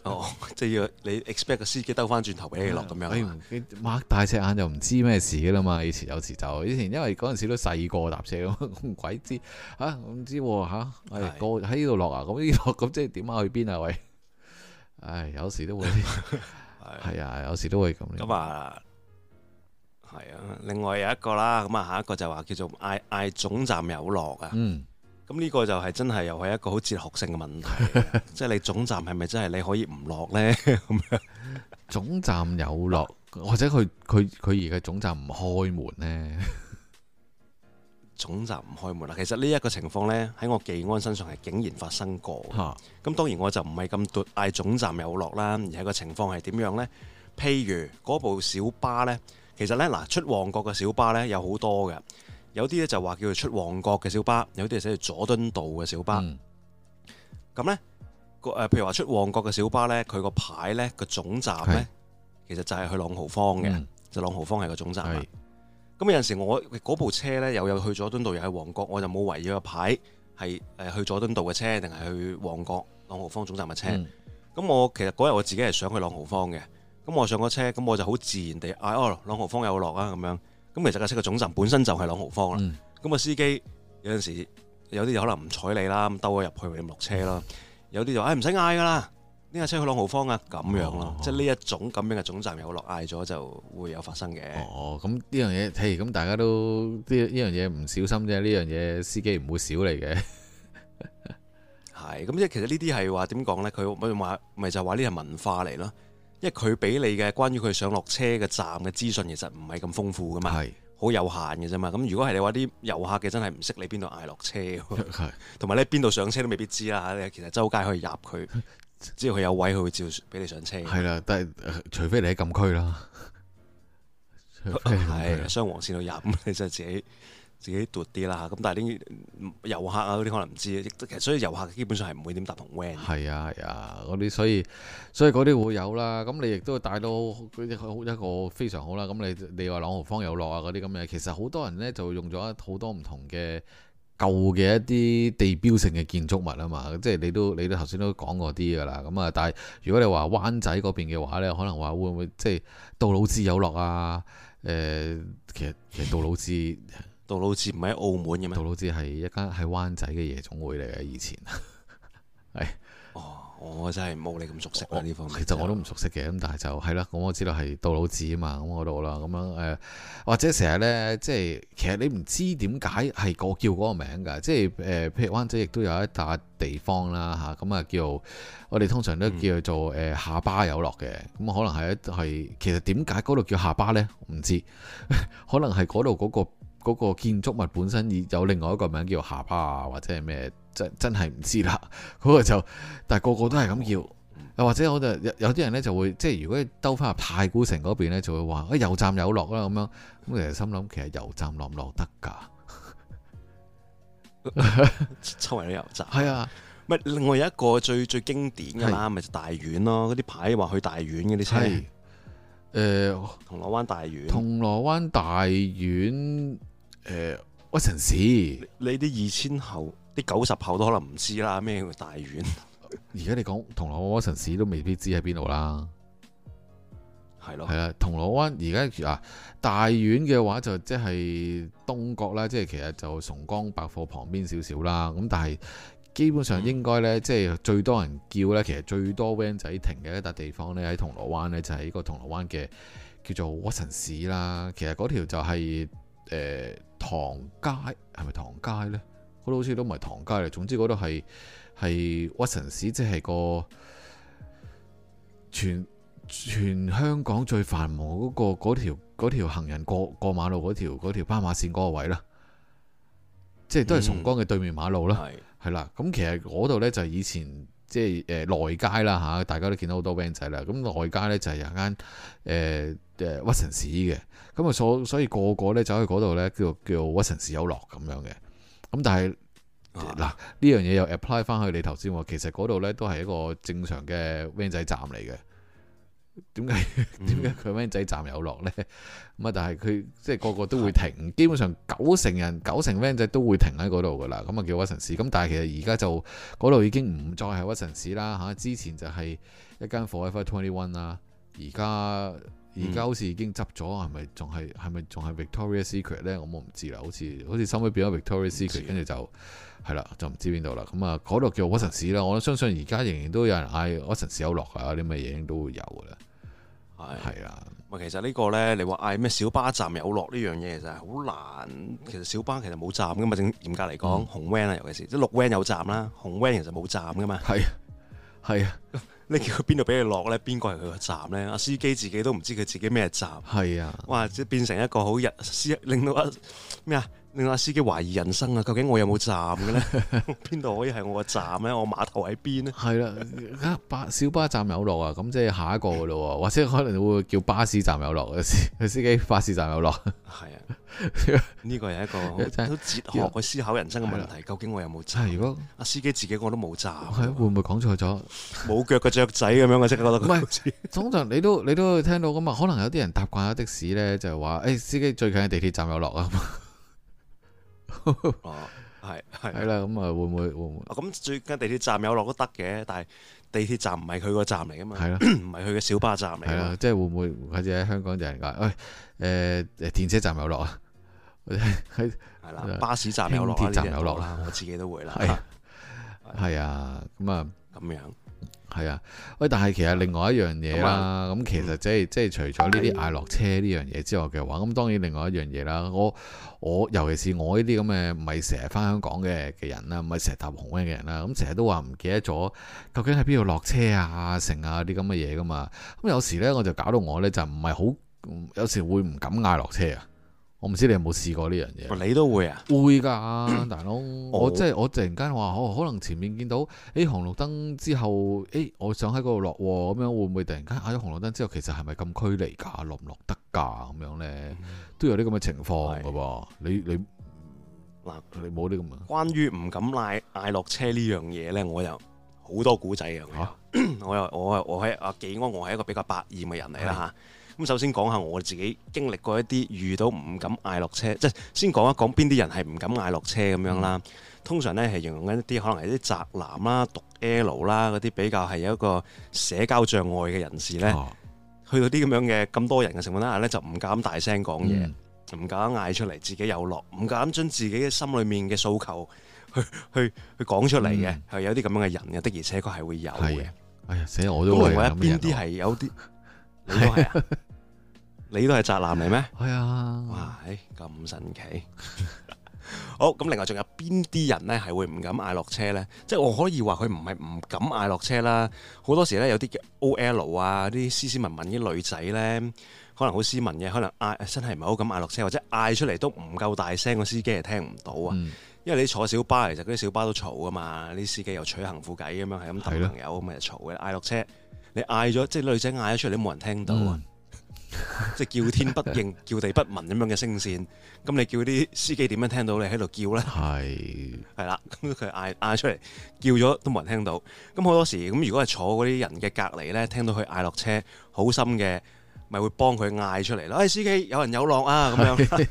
哦，oh, 即係要你 expect 個司機兜翻轉頭俾你落咁樣。哎、你擘大隻眼就唔知咩事噶啦嘛。以前有時就，以前因為嗰陣時都細個搭車咁，鬼知吓，唔知吓，係過喺呢度落啊，咁呢度咁即係點啊？去邊啊？喂，唉，有時都會係啊，有時都會咁。咁啊，係 <noise> 啊，另外有一個啦，咁啊，下一個就話叫做嗌嗌總站有落啊。嗯咁呢個就係真係又係一個好哲學性嘅問題， <laughs> 即係你總站係咪真係你可以唔落呢？咁 <laughs> 總站有落， <laughs> 或者佢佢佢而家總站唔開門呢？ <laughs> 總站唔開門啦。其實呢一個情況呢，喺我技安身上係竟然發生過。咁、啊、當然我就唔係咁獨嗌總站有落啦，而係個情況係點樣呢？譬如嗰部小巴呢，其實呢，嗱出旺角嘅小巴呢，有好多嘅。有啲咧就話叫佢出旺角嘅小巴，有啲係寫住佐敦道嘅小巴。咁咧個誒，譬如話出旺角嘅小巴咧，佢個牌咧個總站咧，其實就係去朗豪坊嘅，嗯、就朗豪坊係個總站。咁、嗯、有陣時我部車咧，又有去佐敦道，又喺旺角，我就冇圍繞個牌，係誒去佐敦道嘅車，定係去旺角朗豪坊總站嘅車。咁、嗯、我其實嗰日我自己係想去朗豪坊嘅，咁我上個車，咁我就好自然地嗌、啊、哦，朗豪坊有落啊咁樣。咁其實架車嘅總站本身就係朗豪坊啦，咁啊司機有陣時有啲就可能唔睬你啦，兜我入去唔落車啦，嗯、有啲就唉唔使嗌噶啦，呢、哎、架、這個、車去朗豪坊啊，咁樣咯，哦哦哦即係呢一種咁樣嘅總站又落嗌咗就會有發生嘅。哦，哦，咁呢樣嘢，譬如咁大家都呢樣嘢唔小心啫，呢樣嘢司機唔會少嚟嘅。 <laughs> 係，咁即係其實呢啲係話點講咧？佢唔咪就話呢係文化嚟咯。因為佢俾你嘅關於佢上落車嘅站嘅資訊，其實唔係咁豐富㗎嘛，好是有限嘅啫嘛。咁如果係你話啲遊客嘅，真係唔識你邊度嗌落車，同埋咧邊度上車都未必知啦。嚇，其實周街可以入佢，只要佢有位，佢會照俾你上車。係啦，但係、呃、除非你喺禁區啦，係 <laughs> 雙黃線度入，你就自己。自己讀啲啦，咁但係啲遊客啊嗰啲可能唔知，其實所以遊客基本上係唔會點搭同 van 係啊係啊，嗰啲、啊、所以所以嗰啲會有啦。咁你亦都帶到佢哋一個非常好啦。咁你你話朗豪坊有落啊嗰啲咁嘅，其實好多人呢就用咗好多唔同嘅舊嘅一啲地標性嘅建築物啊嘛。即係你都你都頭先都講過啲噶啦。咁啊，但係如果你話灣仔嗰邊嘅話呢，可能話會唔會即係杜老誌有落啊？誒，其實,會會魯、啊呃、其,實其實杜老誌。杜老誌唔係喺澳門嘅咩？杜老誌係一間喺灣仔嘅夜總會嚟嘅，以前係 <laughs> 是哦，我真係冇你咁熟悉啦呢我方面。面其實我都唔熟悉嘅，咁但係就係啦，咁我知道係杜老誌啊嘛，咁我到啦咁樣誒，或者成日咧，即係其實你唔知點解係個叫嗰個名噶，即係誒，譬如灣仔亦都有一笪地方啦吓，咁啊叫我哋通常都叫做誒下巴有落嘅，咁、嗯、可能係係其實點解嗰度叫下巴咧？唔知可能係嗰度嗰個。嗰個建築物本身已有另外一個名叫下巴，或者係咩？真真係唔知啦。嗰、那個就，但係個個都係咁叫。又、嗯、或者我就有啲人咧就會即係，如果兜翻入太古城嗰邊咧，就會話，啊，油站有落啦咁樣。咁其實心諗，其實油站落唔落得㗎？周圍都油站。係 <laughs> 啊，唔係另外有一個最最經典㗎啦，咪就大丸咯。嗰啲牌話去大丸嗰啲車，係誒銅鑼灣大丸，銅鑼灣大丸。誒，屈臣氏，你啲二千後、啲九十後都可能唔知啦，咩叫大院？而 <laughs> 家你講銅鑼灣屈臣氏都未必知喺邊度啦，係咯？係啦，銅鑼灣而家啊，大院嘅話就即係東角啦，即係其實就崇光百貨旁邊少少啦。咁但係基本上應該呢，即係最多人叫呢，其實最多 van 仔停嘅一笪地方呢，喺銅鑼灣呢，就係呢個銅鑼灣嘅叫做屈臣氏啦。其實嗰條就係誒。呃唐街係咪唐街呢？嗰度好似都唔係唐街嚟，總之嗰度係係屈臣氏，kins, 即係個全全香港最繁忙嗰、嗰個條條行人過過馬路嗰條條斑馬線嗰個位啦，即係都係崇光嘅對面馬路啦，係啦、嗯。咁的其實嗰度呢，就係以前。即係誒內街啦嚇，大家都見到好多 van 仔啦。咁內街呢，就係、是、有間誒誒屈臣氏嘅，咁、呃、啊、呃、所以所以個個呢，走去嗰度呢，叫做叫做屈臣氏有落咁樣嘅。咁但係嗱呢樣嘢又 apply 翻去你頭先話，其實嗰度呢，都係一個正常嘅 van 仔站嚟嘅。點解點解佢 van 仔站有落呢？咁啊，但係佢即係個個都會停，基本上九成人，九成 van 仔都會停喺嗰度噶啦。咁啊，叫屈臣氏。咁但係其實而家就嗰度已經唔再係屈臣氏啦。吓、啊，之前就係一間 Forever 21啦。而家而家好似已經執咗啊？係咪仲係係咪仲係 Victoria Secret 呢？我冇唔知啦。好似好似收尾變咗 Victoria Secret，跟住就係啦，就唔知邊度啦。咁啊，嗰度叫屈臣氏啦。我相信而家仍然都有人嗌屈臣氏有落啊！啲咩嘢已經都會有噶啦。係啊，咪其實個呢個咧，你話嗌咩小巴站有落呢樣嘢，其實好難。其實小巴其實冇站噶嘛，正嚴格嚟講，嗯、紅 van 啊，尤其是即綠 van 有站啦，紅 van 其實冇站噶嘛。係啊，係啊， <laughs> 你叫佢邊度俾你落咧，邊個係佢個站咧？阿司機自己都唔知佢自己咩站。係啊的，哇！即變成一個好日司，令到阿咩啊？令阿司機懷疑人生啊！究竟我有冇站嘅咧？邊度 <laughs> <laughs> 可以係我個站咧？我碼頭喺邊呢？係 <laughs> 啦，巴小巴站有落啊！咁即係下一個噶咯，或者可能會叫巴士站有落嘅司機，巴士站有落。係啊 <laughs> 的，呢個係一個好哲學去思考人生嘅問題。 <laughs> 的究竟我有冇站？如果阿司機自己我都冇站，會唔會講錯咗？冇腳嘅雀仔咁樣嘅啫，覺得唔係。通常 <laughs> 你都你都聽到噶嘛？可能有啲人搭慣咗的士咧，就係話誒，司機最近嘅地鐵站有落啊！ <laughs> <laughs> <laughs> 哦，係係啦，咁啊,啊、嗯、會唔會會唔會？咁最近地鐵站有落都得嘅，但係地鐵站唔係佢個站嚟噶嘛，係啦，唔係佢嘅小巴站嚟，係啦，即係會唔會或者喺香港就係咁啊？喂，誒誒，電車站有落啊？係啦，巴士站有落，輕鐵站有落啦，啊、我自己都會啦，係啊，係哈啊，咁啊、嗯，咁樣。係啊，喂！但係其實另外一樣嘢啦，咁、嗯、其實即係即係除咗呢啲嗌落車呢樣嘢之外嘅話，咁當然另外一樣嘢啦。我我尤其是我呢啲咁嘅，唔係成日返香港嘅嘅人啦，唔係成日搭紅 van 嘅人啦，咁成日都話唔記得咗究竟喺邊度落車啊、成啊啲咁嘅嘢㗎嘛。咁有時呢，我就搞到我呢，就唔係好，有時會唔敢嗌落車啊。我唔知你有冇試過呢樣嘢，你都會啊？會噶，大佬，我, oh. 我即係我突然間話，可可能前面見到誒、哎、紅綠燈之後，誒、哎、我想喺嗰度落，咁樣會唔會突然間嗌咗紅綠燈之後，其實係咪咁距離噶？落唔落得噶、啊？咁樣咧都有啲咁嘅情況噶。你你嗱，你冇啲咁嘅。關於唔敢嗌嗌落車呢樣嘢咧，我又好多古仔嘅。我又我我喺阿紀安，我係、啊、一個比較百厭嘅人嚟啦吓。咁首先講下我自己經歷過一啲遇到唔敢嗌落車，即係先講一講邊啲人係唔敢嗌落車咁樣啦。通常咧係形容緊一啲可能係啲宅男啦、獨 L 啦嗰啲比較係有一個社交障礙嘅人士咧，去到啲咁樣嘅咁多人嘅情況底下咧，就唔敢大聲講嘢，唔敢嗌出嚟，自己有落，唔敢將自己嘅心裏面嘅訴求去去去講出嚟嘅，係有啲咁樣嘅人嘅，的而且確係會有嘅。哎呀，所以我都會有咁嘅人。邊啲係有啲？你都係啊？你都係宅男嚟咩？係啊！哇，咁神奇！ <laughs> 好，咁另外仲有邊啲人咧，係會唔敢嗌落車咧？即係我可以話佢唔係唔敢嗌落車啦。好多時咧，有啲 OL 啊，啲斯斯文文啲女仔咧，可能好斯文嘅，可能嗌真係唔係好敢嗌落車，或者嗌出嚟都唔夠大聲，個司機又聽唔到啊。嗯、因為你坐小巴，其實嗰啲小巴都嘈㗎嘛，啲司機又取行副偈咁樣，係咁斗朋友咁啊嘈嘅。嗌落車，你嗌咗，即係女仔嗌咗出嚟都冇人聽到啊。嗯即係叫天不應，叫地不聞咁樣嘅聲線，咁你叫啲司機點樣聽到你喺度叫呢？係係啦，咁佢嗌嗌出嚟，叫咗都冇人聽到。咁好多時咁，如果係坐嗰啲人嘅隔籬呢，聽到佢嗌落車，好心嘅咪會幫佢嗌出嚟咯。喂，司機，有人有落啊咁樣。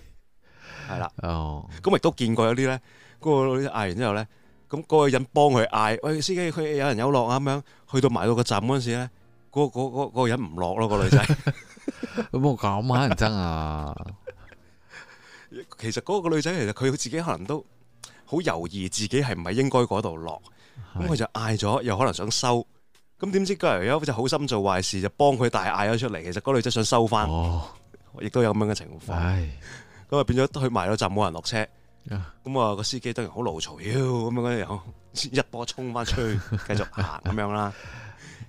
係啦，哦，咁咪都見過有啲呢，嗰個女仔嗌完之後呢，咁嗰個人幫佢嗌，喂，司機，佢有人有落啊咁樣。去到埋到個站嗰陣時呢，嗰嗰嗰嗰個人唔落咯，個女仔。咁我咁啊，真啊！ <laughs> <laughs> 其實嗰個女仔其實佢自己可能都好猶豫，自己係唔係應該嗰度落，咁佢是就嗌咗，又可能想收，咁點知隔日有一個好心做壞事，就幫佢大嗌咗出嚟。其實嗰女仔想收翻，亦、哦、都有咁樣嘅情況。咁啊變咗佢埋咗站冇人落車，咁啊、嗯、個司機當然好怒嘈，咁樣跟住又一波衝翻出去，繼續行咁 <laughs> 樣啦，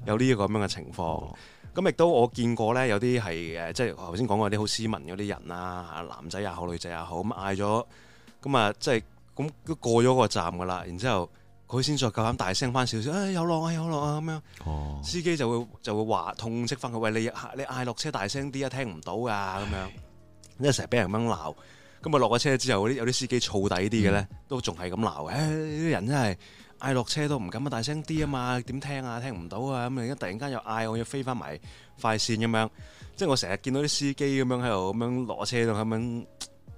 有呢一個咁樣嘅情況。嗯咁亦都我見過咧，有啲係誒，即係頭先講嗰啲好斯文嗰啲人啊，男仔也好，女仔也好，咁嗌咗，咁、哎、啊，即係咁都過咗個站噶啦，然之後佢先再夠膽大聲翻少少，誒有落啊有落啊咁樣，哦、司機就會就會話痛斥翻佢，喂，你你嗌落車大聲啲啊，聽唔到噶咁樣，唉因為成日俾人掹鬧，咁啊落咗車之後，啲有啲司機燥底啲嘅咧，都仲係咁鬧，誒、哎、啲人真係～嗌落車都唔敢啊！大聲啲啊嘛，點聽啊？聽唔到啊！咁突然間又嗌，我要飛翻埋快線咁樣，即係我成日見到啲司機咁樣喺度咁樣落車度，咁樣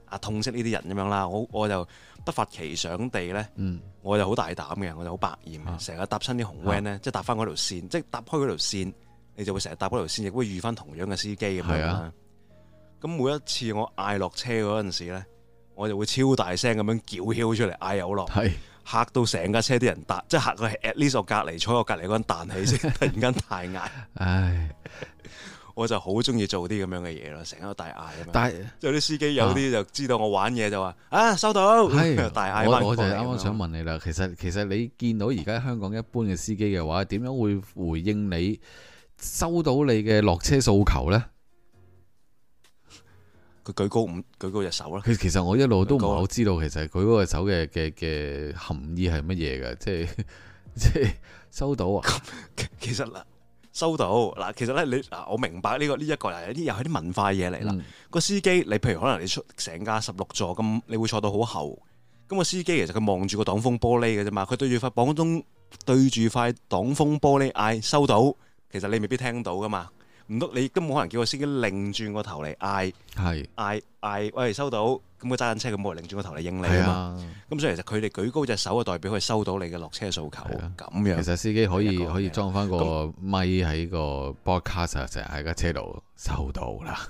啊痛斥呢啲人咁樣啦。我我就不乏奇想地咧，我就好、嗯、大膽嘅，我就好百厭啊！成日搭親啲紅 van 咧，啊、即係搭翻嗰條線，即係搭開嗰條線，你就會成日搭嗰條線，亦會遇翻同樣嘅司機咁樣啦。咁、啊啊、每一次我嗌落車嗰陣時咧，我就會超大聲咁樣叫囂出嚟嗌有落。嚇到成架車啲人，人彈，即係嚇到 a 呢所隔離，坐我隔離嗰陣彈起先，突然間大嗌。唉， <laughs> <laughs> <laughs> 我就好中意做啲咁樣嘅嘢咯，成日大嗌咁。 <laughs> 但係有啲司機有啲就知道我玩嘢就話，啊收到。係，大嗌。我我就啱啱想問你啦， <laughs> 其實其實你見到而家香港一般嘅司機嘅話，點樣會回應你收到你嘅落車訴求咧？舉高五舉高隻手啦！其實我一路都唔好知道，其實佢嗰隻手嘅嘅嘅含義係乜嘢嘅，即係即係收到啊！其實嗱，收到嗱，其實咧你嗱，我明白呢、這個呢、這個、一個係啲又係啲文化嘢嚟啦。個、嗯、司機，你譬如可能你出成架十六座咁，你會坐到好後。咁個司機其實佢望住個擋風玻璃嘅啫嘛，佢對住塊擋風對住塊擋風玻璃嗌收到，其實你未必聽到噶嘛。唔，你都冇可能叫個司機擰轉個頭嚟嗌，嗌嗌，喂收到，咁佢揸緊車佢冇人擰轉個頭嚟應你啊嘛，咁所以其實佢哋舉高隻手就代表佢收到你嘅落車訴求咁樣。其實司機可以可以裝翻個咪喺個 broadcast 成日喺架車度，收到啦。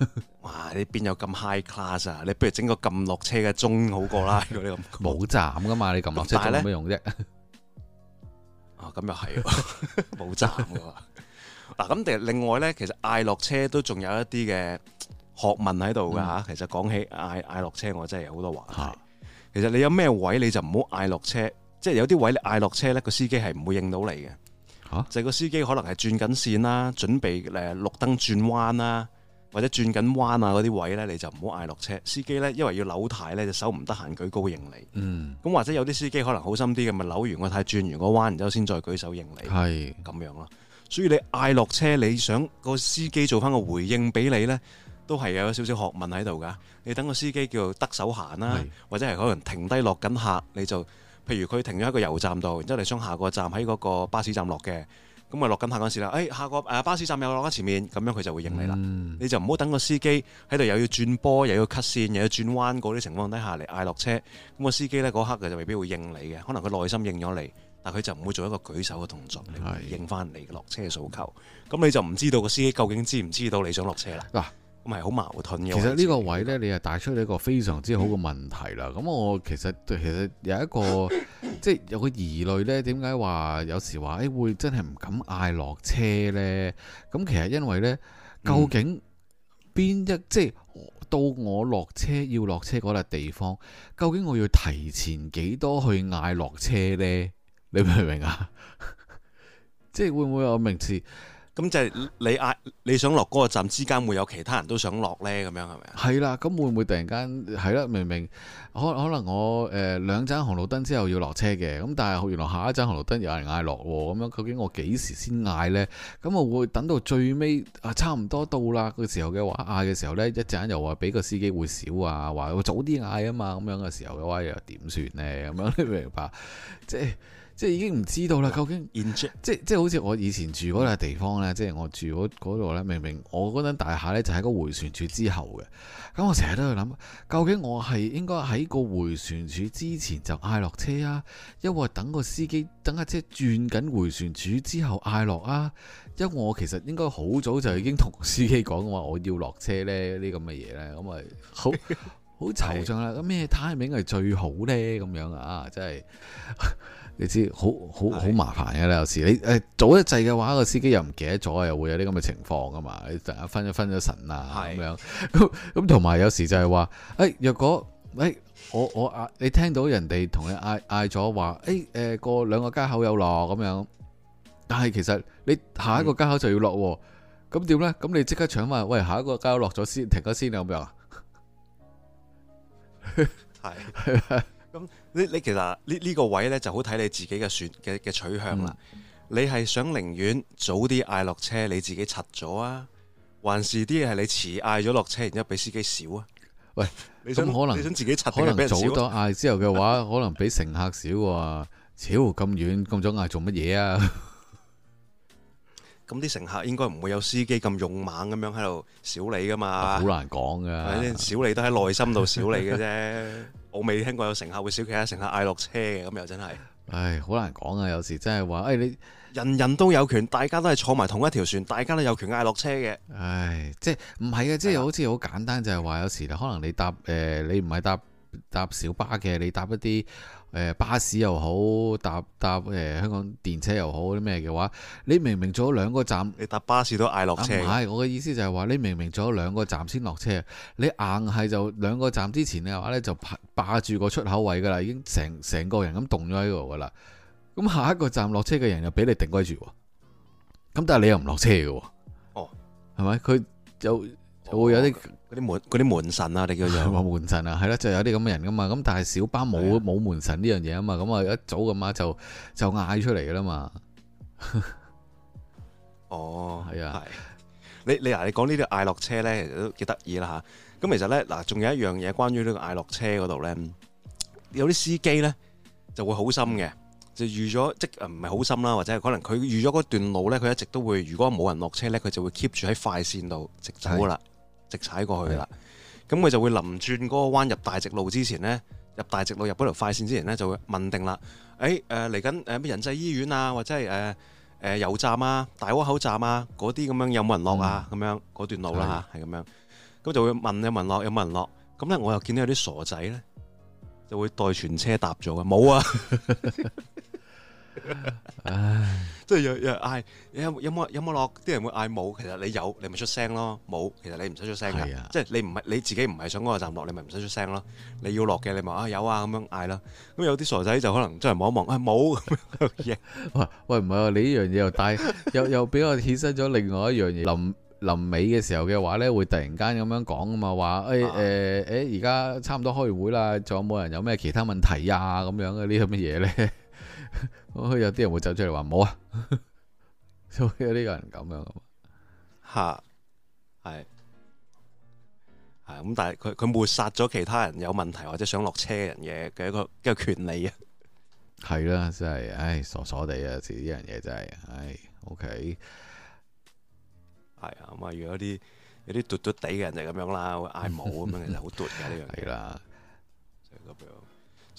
哇！你邊有咁 high class 啊？你不如整個撳落車嘅鐘好過啦，如果呢咁。冇站噶嘛，你撳落車有咩用啫？咁又係，冇站喎。嗱咁，另外咧，其實嗌落車都仲有一啲嘅學問喺度㗎嚇。嗯、其實講起嗌嗌落車，我真係好多話題。啊、其實你有咩位你就唔好嗌落車，即、就、係、是、有啲位你嗌落車咧，個司機係唔會應到你嘅。啊、就係個司機可能係轉緊線啦，準備誒綠燈轉彎啦，或者轉緊彎啊嗰啲位咧，你就唔好嗌落車。司機咧因為要扭軚咧隻手唔得閒舉高應你。咁、嗯、或者有啲司機可能好心啲嘅，咪扭完個軚轉完個彎，然之後先再舉手應你。係咁、嗯、樣咯。所以你嗌落車，你想個司機做翻個回應俾你呢，都係有少少學問喺度噶。你等個司機叫得手閒啦，是或者係可能停低落緊客，你就譬如佢停咗喺個油站度，然之後你想下個站喺嗰個巴士站落嘅，咁啊落緊客嗰時啦，誒、哎、下個巴士站又落喺前面，咁樣佢就會應你啦。嗯、你就唔好等個司機喺度又要轉波，又要 cut 線，又要轉彎嗰啲情況底下嚟嗌落車。咁、個司機呢，嗰刻就未必會應你嘅，可能佢內心應咗你。但佢就唔會做一個舉手嘅動作嚟應翻你落車嘅訴求，咁、嗯、你就唔知道個司機究竟知唔知道你想落車啦。嗱、啊，咁係好矛盾嘅。其實呢個位呢，你係帶出一個非常之好嘅問題啦。咁、嗯、我其實其實有一個、嗯、即係有個疑慮呢。點解話有時話誒、欸、會真係唔敢嗌落車呢？咁其實因為呢，究竟邊一、嗯、即係到我落車要落車嗰笪地方，究竟我要提前幾多去嗌落車呢？你明唔明啊？ <laughs> 即係會唔會有名次咁就係你嗌你想落嗰個站之間會有其他人都想落呢。咁樣係咪啊？係啦，咁會唔會突然間係啦？明明可可能我誒兩盞紅綠燈之後要落車嘅，咁但係原來下一盞紅綠燈有人嗌落喎，咁樣究竟我幾時先嗌呢？咁我會等到最尾啊差唔多到啦嘅時候嘅話嗌嘅時候呢，一陣又話俾個司機會少啊，話早啲嗌啊嘛，咁樣嘅時候嘅話又點算呢？咁樣你明唔明白即係？即係已經唔知道啦，究竟即係即係好似我以前住嗰笪地方呢，即係我住嗰度呢，明明我嗰間大廈呢，就喺個迴旋處之後嘅，咁我成日都喺度諗，究竟我係應該喺個迴旋處之前就嗌落車啊，因為等個司機等架車轉緊迴旋處之後嗌落啊，因為我其實應該好早就已經同司機講話我要落車呢，呢咁嘅嘢呢。咁咪好好惆悵啦，咁咩 timing 係最好呢？咁樣啊，真係～ <laughs> 你知好好好麻煩嘅啦，有時你誒早一滯嘅話，個司機又唔記得咗，又會有啲咁嘅情況噶嘛。大家分咗分咗神啊，咁是的 樣咁同埋有時就係話誒，若果誒、哎、我我嗌你聽到人哋同你嗌嗌咗話誒誒過兩個街口有落咁樣，但係其實你下一個街口就要落喎，咁點咧？咁你即刻搶話喂，下一個街口落咗先停咗先啊咁樣。係係咁。你你其實呢呢個位呢就好睇你自己嘅選嘅嘅取向啦。你係想寧願早啲嗌落車，你自己拆咗啊，還是啲嘢係你遲嗌咗落車，然之後俾司機少啊？喂，咁想可能你想自己拆啲咩早啲嗌之後嘅話， <laughs> 可能俾乘客少啊。超咁遠咁早嗌做乜嘢啊？ <laughs> 咁啲乘客應該唔會有司機咁勇猛咁樣喺度少你噶嘛？好難講㗎，少你都喺內心度少你嘅啫。 <laughs> 我未聽過有乘客會少其他乘客嗌落車嘅，咁又真係。唉，好難講啊！有時真係話，誒、哎、你人人都有權，大家都係坐埋同一條船，大家都有權嗌落車嘅。唉，即係唔係啊？即係好似好簡單，就係、是、話有時可能你搭誒、呃，你唔係搭搭小巴嘅，你搭一啲。誒、呃，巴士又好搭搭誒、呃，香港電車又好啲咩嘅話，你明明坐咗兩個站，你搭巴士都嗌落車。係，我嘅意思就係話，你明明坐咗兩個站先落車，你硬係就兩個站之前嘅話呢就霸住個出，出口位噶啦，已經成成個人咁凍咗喺度噶啦。咁下一個站落車嘅人又俾你定鬼住，咁但係你又唔落車嘅。哦，係咪？佢就，就會有有啲。哦 okay. 嗰啲門啲門神啊，你叫佢 <music> 門神啊，係啦，就有啲咁嘅人噶嘛。咁但係小巴冇冇的門神呢樣嘢啊嘛。咁啊的，一早咁啊就就嗌出嚟啦嘛。 <laughs> 哦，係啊的，係。你你嗱，你講呢啲嗌落車咧，其實都幾得意啦吓。咁其實咧嗱，仲有一樣嘢關於呢個嗌落車嗰度咧，有啲司機咧就會好心嘅，就預咗即唔係好心啦，或者係可能佢預咗嗰段路咧，佢一直都會如果冇人落車咧，佢就會 keep 住喺快線度直走啦。的直踩過去啦，咁佢的就會臨轉嗰個彎入大直路之前呢，入大直路入嗰條快線之前呢，就會問定啦，誒誒嚟緊誒咩仁濟醫院啊，或者係誒誒油站啊、大窩口站啊嗰啲咁樣有冇人落啊？咁、嗯、樣嗰段路啦嚇，係咁的樣，咁就會問有冇人落，有冇人落，咁呢，我又見到有啲傻仔呢，就會代全車搭咗嘅，冇啊。 <laughs> <laughs> 唉，即係又又嗌，要要有有冇有冇落？啲人會嗌冇，其實你有，你咪出聲咯。冇，其實你唔使出聲嘅。啊、即係你唔係你自己唔係想嗰個站落，你咪唔使出聲咯。你要落嘅，你咪啊有啊咁樣嗌啦。咁有啲傻仔就可能真係望一望，哎、 <laughs> 啊，冇咁樣嘢。喂喂唔係，你呢樣嘢又帶又又俾我衍生咗另外一樣嘢。臨臨尾嘅時候嘅話咧，會突然間咁樣講啊嘛，話誒誒誒，而、哎、家、呃、差唔多開完會啦，仲有冇人有咩其他問題啊？咁樣嗰啲咁嘅嘢咧。 <laughs> 有啲人會走出嚟話冇啊，所 <laughs> 以有呢個人咁樣咁，吓係係咁，但係佢佢抹殺咗其他人有問題或者想落車嘅人嘅嘅一個一個權利啊，係 <laughs> 啦，真係唉傻傻地啊，似呢樣嘢真係唉，OK 係啊，咁啊，如果啲有啲咄咄地嘅人就係咁樣啦，會嗌冇咁樣嘅，其實好咄嘅呢樣嘢啦。 <laughs>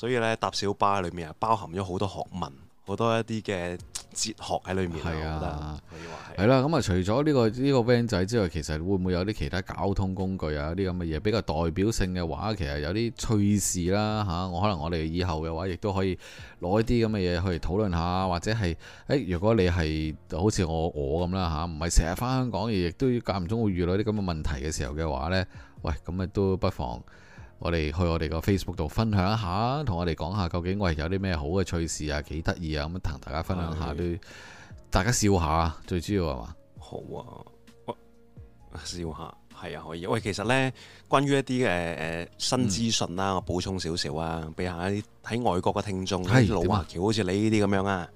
所以咧搭小巴裏面啊，包含咗好多學問，好多一啲嘅哲學喺裏面啊。可以話係。係啦，咁啊、嗯、除咗呢個呢個 van 仔之外，其實會唔會有啲其他交通工具啊啲咁嘅嘢比較代表性嘅話，其實有啲趣事啦、啊、嚇。我、啊、可能我哋以後嘅話，亦都可以攞一啲咁嘅嘢去討論下，或者係誒、欸，如果你係好似我我咁啦嚇，唔係成日翻香港，亦都間唔中會遇到啲咁嘅問題嘅時候嘅話呢。喂，咁啊都不妨，我哋去我哋個 Facebook 度分享一下，同我哋講下究竟我係有啲咩好嘅趣事啊，幾得意啊，咁同大家分享下，都的大家笑下最主要係嘛？好啊，笑下係啊，可以。喂，其實呢，關於一啲嘅誒新資訊啦，嗯、我補充少少啊，俾下啲喺外國嘅聽眾，啲老華僑好似你呢啲咁樣啊，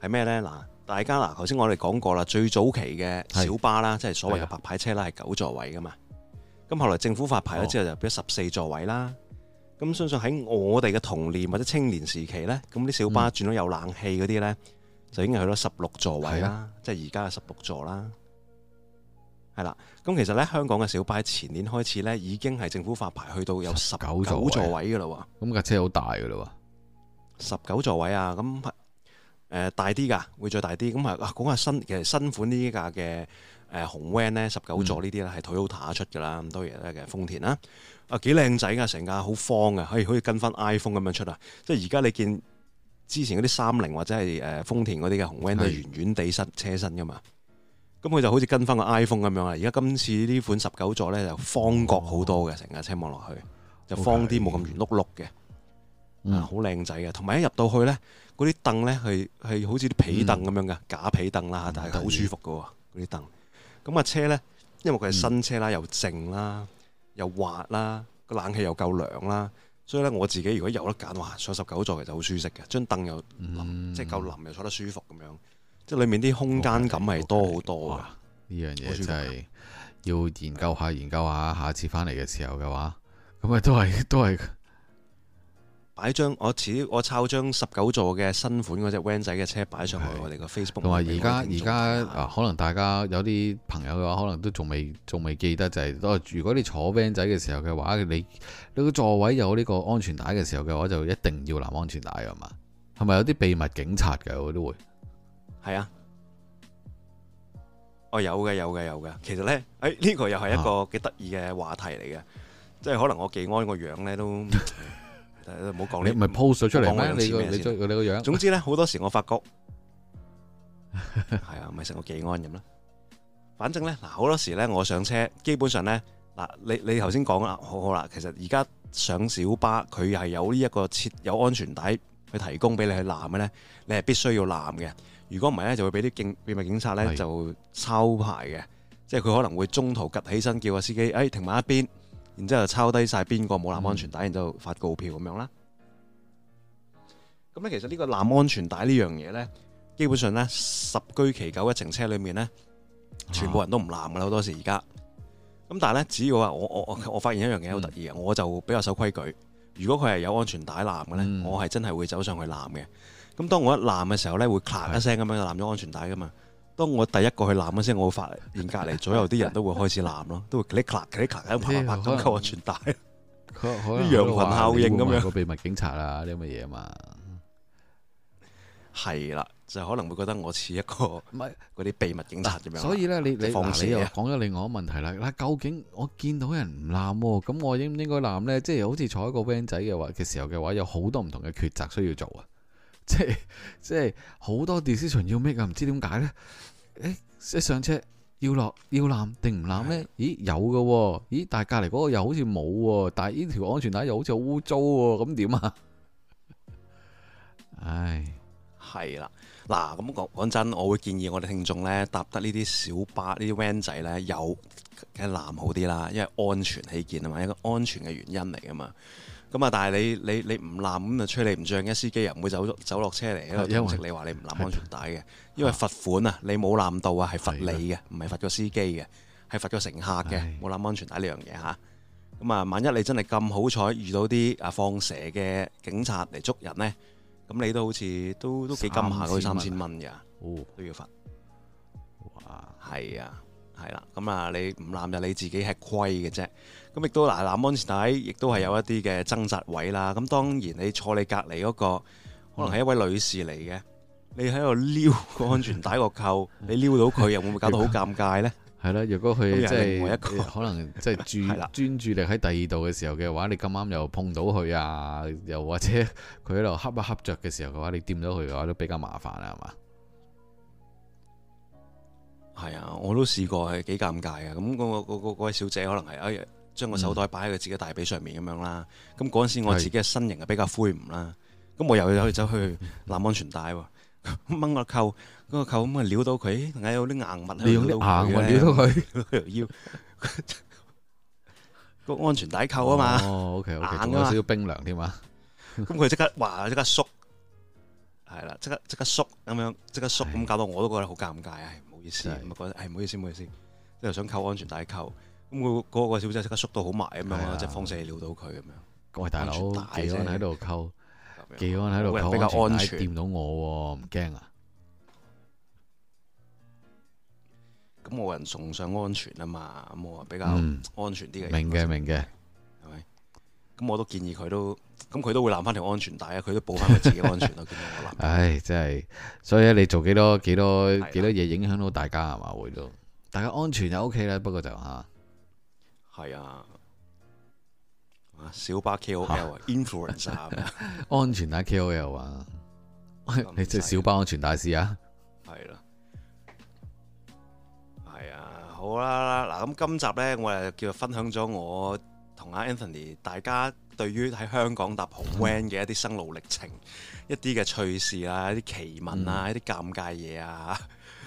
係咩呢？嗱，大家嗱，頭先我哋講過啦，最早期嘅小巴啦，即係、啊、所謂嘅白牌車啦，係九座位噶嘛。咁後來政府發牌咗之後，就變咗十四座位啦。咁、哦、相信喺我哋嘅童年或者青年時期呢，咁啲小巴轉咗有冷氣嗰啲呢，就已經去到十六座位啦，嗯、即係而家嘅十六座啦。係啦的，咁其實呢，香港嘅小巴前年開始呢，已經係政府發牌去到有十九座位噶啦喎。咁架車好大噶啦喎。十九座位啊，咁誒、呃、大啲噶，會再大啲。咁啊，講下新其實新款呢架嘅。誒紅 van 咧，十九、嗯嗯、座呢啲咧係 Toyota 出嘅啦，咁多嘢咧嘅豐田啦，啊幾靚仔噶，成架方好方嘅，可以可以跟翻 iPhone 咁樣出啊！即係而家你見之前嗰啲三菱或者係誒、呃、豐田嗰啲嘅紅 van 係圓圓地身車身噶嘛，咁、嗯、佢、嗯、就好似跟翻個 iPhone 咁樣啊！而家今次款呢款十九座咧就方角好多嘅，成、哦、架車望落去、哦、就方啲，冇咁 okay,、嗯、圓碌碌嘅、啊，好靚仔嘅！同埋一入到去咧，嗰啲凳咧係係好似啲皮凳咁樣嘅、嗯、假皮凳啦，但係好舒服嘅喎，啲凳。咁啊，車呢，因為佢係新車啦，又靜啦，又滑啦，個冷氣又夠涼啦，所以呢，我自己如果有得揀，哇，上十九座其實好舒適嘅，張凳又、嗯、即係夠腍又坐得舒服咁樣，即係裡面啲空間感係多好多㗎。呢、嗯嗯嗯嗯、樣嘢真係要研究下研究下，下次翻嚟嘅時候嘅話，咁啊、嗯、都係都係。擺張我遲啲我抄張十九座嘅新款嗰隻 van 仔嘅車擺上去我哋個 Facebook。同埋而家而家啊，可能大家有啲朋友嘅話，可能都仲未仲未記得就係、係、如果你坐 van 仔嘅時候嘅話，你你個座位有呢個安全帶嘅時候嘅話，就一定要拿安全帶係嘛？係咪有啲秘密警察嘅我都會？係啊，哦有嘅有嘅有嘅。其實咧，誒、哎、呢、這個又係一個幾得意嘅話題嚟嘅，啊、即係可能我技安個樣咧都。 <laughs> 唔好講你唔係 p 水出嚟你個你個樣。總之咧，好多時我發覺係 <laughs> 啊，咪成個忌安飲啦。反正咧，嗱好多時咧，我上車基本上咧，嗱你你頭先講啦，好好啦。其實而家上小巴佢係有呢一個設有安全帶去提供俾你去攬嘅咧，你係必須要攬嘅。如果唔係咧，就會俾啲警秘密警察咧是就抄牌嘅，即係佢可能會中途趷起身叫個司機，哎，停埋一邊。然之後抄低晒邊個冇攬安全帶，然之後發告票咁樣啦。咁咧、嗯、其實呢個攬安全帶呢樣嘢呢，基本上呢，十居其九一程車裏面呢，全部人都唔攬噶啦，好多時而家。咁但係呢，只要話我我我我發現一樣嘢好得意嘅，嗯、我就比較守規矩。如果佢係有安全帶攬嘅呢，嗯、我係真係會走上去攬嘅。咁當我一攬嘅時候呢，會咔一聲咁樣就攬咗安全帶噶嘛。當我第一個去喊一聲，我發現，連隔離左右啲人都會開始喊咯，都會你咔，你咔，咁啪啪啪咁鳩我傳遞，啲羊羣效應咁樣。個秘密警察啊，啲咁嘅嘢啊嘛，係啦，就可能會覺得我似一個唔係嗰啲秘密警察咁樣。所以咧，你你嗱，你又講咗另外一個問題啦。嗱，究竟我見到人唔喊，咁我應唔應該喊咧？即係好似坐一個 van 仔嘅話嘅時候嘅話，有好多唔同嘅抉擇需要做啊。即係即係好多 decision 要 make 啊？唔知點解咧？誒，一上車要落要攬定唔攬咩？咦，的咦有噶，哦？咦，但係隔籬嗰個好又好似冇喎。但係呢條安全帶又好似好污糟喎。咁點啊？唉， <laughs> 哎，係啦。嗱，咁講講真，我會建議我哋聽眾咧搭得呢啲小巴呢啲 van 仔咧，有嘅攬好啲啦，因為安全起見啊嘛，一個安全嘅原因嚟噶嘛。咁啊！但係你你你唔攬咁啊，催你唔將嘅司機又唔會走落走落車嚟，因為認識你話你唔攬安全帶嘅，因為罰款啊，你冇攬到啊，係罰你嘅，唔係罰個司機嘅，係罰個乘客嘅冇攬安全帶呢樣嘢嚇。咁啊，萬一你真係咁好彩遇到啲啊放蛇嘅警察嚟捉人呢，咁你都好似都都幾金下嗰三千蚊㗎，都要罰。哇！係啊，係啦，咁啊，你唔攬就你自己係虧嘅啫。咁、啊、亦都嗱，安全帶亦都係有一啲嘅掙扎位啦。咁當然你坐你隔籬嗰、那個，可能係一位女士嚟嘅，你喺度撩個安全帶個扣， <laughs> 你撩到佢，又會唔會搞到好尷尬呢？係啦、啊，如果佢、就是、即係是可能即係注專注力喺第二度嘅時候嘅話，你咁啱又碰到佢啊，又或者佢喺度恰一恰着嘅時候嘅話，你掂到佢嘅話都比較麻煩啊，係嘛？係啊，我都試過係幾尷尬嘅。咁、那、嗰個嗰位小姐可能係將個手袋擺喺佢自己大髀上面咁樣啦，咁嗰陣時我自己嘅身形啊比較灰梧啦，咁我又走去走去攬安全帶，掹個扣，嗰個扣咁啊撩到佢，定係有啲硬物，你用啲牙我撩到佢，要個安全帶扣啊嘛，硬啊嘛，仲有少少冰涼添啊，咁佢即刻哇即刻縮，係啦，即刻即刻縮咁樣，即刻縮咁搞到我都覺得好尷尬啊，唔好意思，咁啊覺得唉唔好意思唔好意思，又想扣安全帶扣。咁個嗰個小姐即刻縮到好埋咁樣咯，即係放肆撩到佢咁樣。喂，大佬，記安喺度溝，記安喺度溝，有人比較安全，掂到我唔驚啊！咁我人崇尚安全啊嘛，咁我比較安全啲嘅。明嘅，明嘅，係咪？咁我都建議佢都，咁佢都會攬翻條安全帶啊！佢都保翻佢自己安全啦。唉，真係，所以咧，你做幾多幾多幾多嘢，影響到大家係嘛？會都，大家安全就 OK 啦。不過就吓。係啊，小巴 KOL，influencer 啊啊，是是 <laughs> 安全帶 KOL 啊，啊 <laughs> 你即係小巴安全大師啊？係咯、啊，係啊，好啦，嗱咁今集呢，我哋叫分享咗我同阿 Anthony，大家對於喺香港搭紅 van 嘅一啲生路歷程，嗯、一啲嘅趣事啊、一啲奇聞啊，一啲尷尬嘢啊。嗯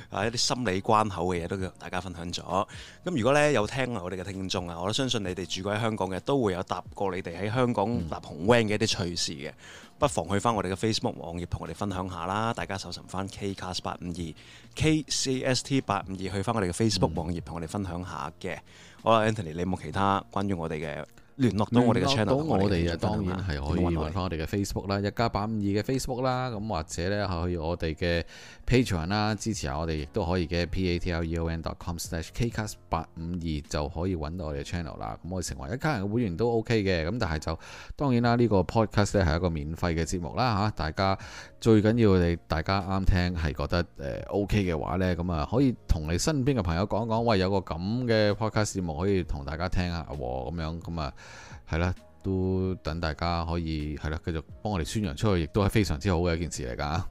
啊！一啲心理關口嘅嘢都同大家分享咗。咁如果呢有聽我哋嘅聽眾啊，我都相信你哋住過喺香港嘅，都會有搭過你哋喺香港搭紅 van 嘅一啲趣事嘅，不妨去翻我哋嘅 Facebook 網頁同我哋分享下啦。大家搜尋翻 Kcast 八五二 K C S T 八五二去翻我哋嘅 Facebook 網頁同我哋分享下嘅。好啦，嗯，Anthony，你有冇其他關於我哋嘅？聯絡到我哋嘅 channel，我哋啊當然係可以揾返我哋嘅 Facebook 啦，一家八五二嘅 Facebook 啦，咁或者咧可以我哋嘅 page 啦，支持下我哋亦都可以嘅 p a t r e o n com kcast 八五二就可以揾到我哋嘅 channel 啦。咁我哋成為一家人嘅會員都 OK 嘅，咁但係就當然啦，呢個 podcast 咧係一個免費嘅節目啦嚇。大家最緊要你大家啱聽係覺得誒 OK 嘅話咧，咁啊可以同你身邊嘅朋友講講，喂，有個咁嘅 podcast 節目可以同大家聽下喎，咁樣咁啊～係啦，都等大家可以係啦，繼續幫我哋宣揚出去，亦都係非常之好嘅一件事嚟噶。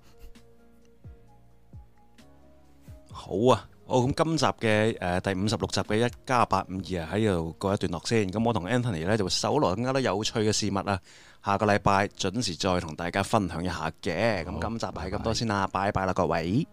好啊，好、哦、咁，今集嘅誒、呃、第五十六集嘅一家八五二啊，喺度過一段落先。咁我同 Anthony 呢就會搜羅更加多有趣嘅事物啦，下個禮拜準時再同大家分享一下嘅。咁好今集係咁多先啦，拜拜，拜拜啦各位。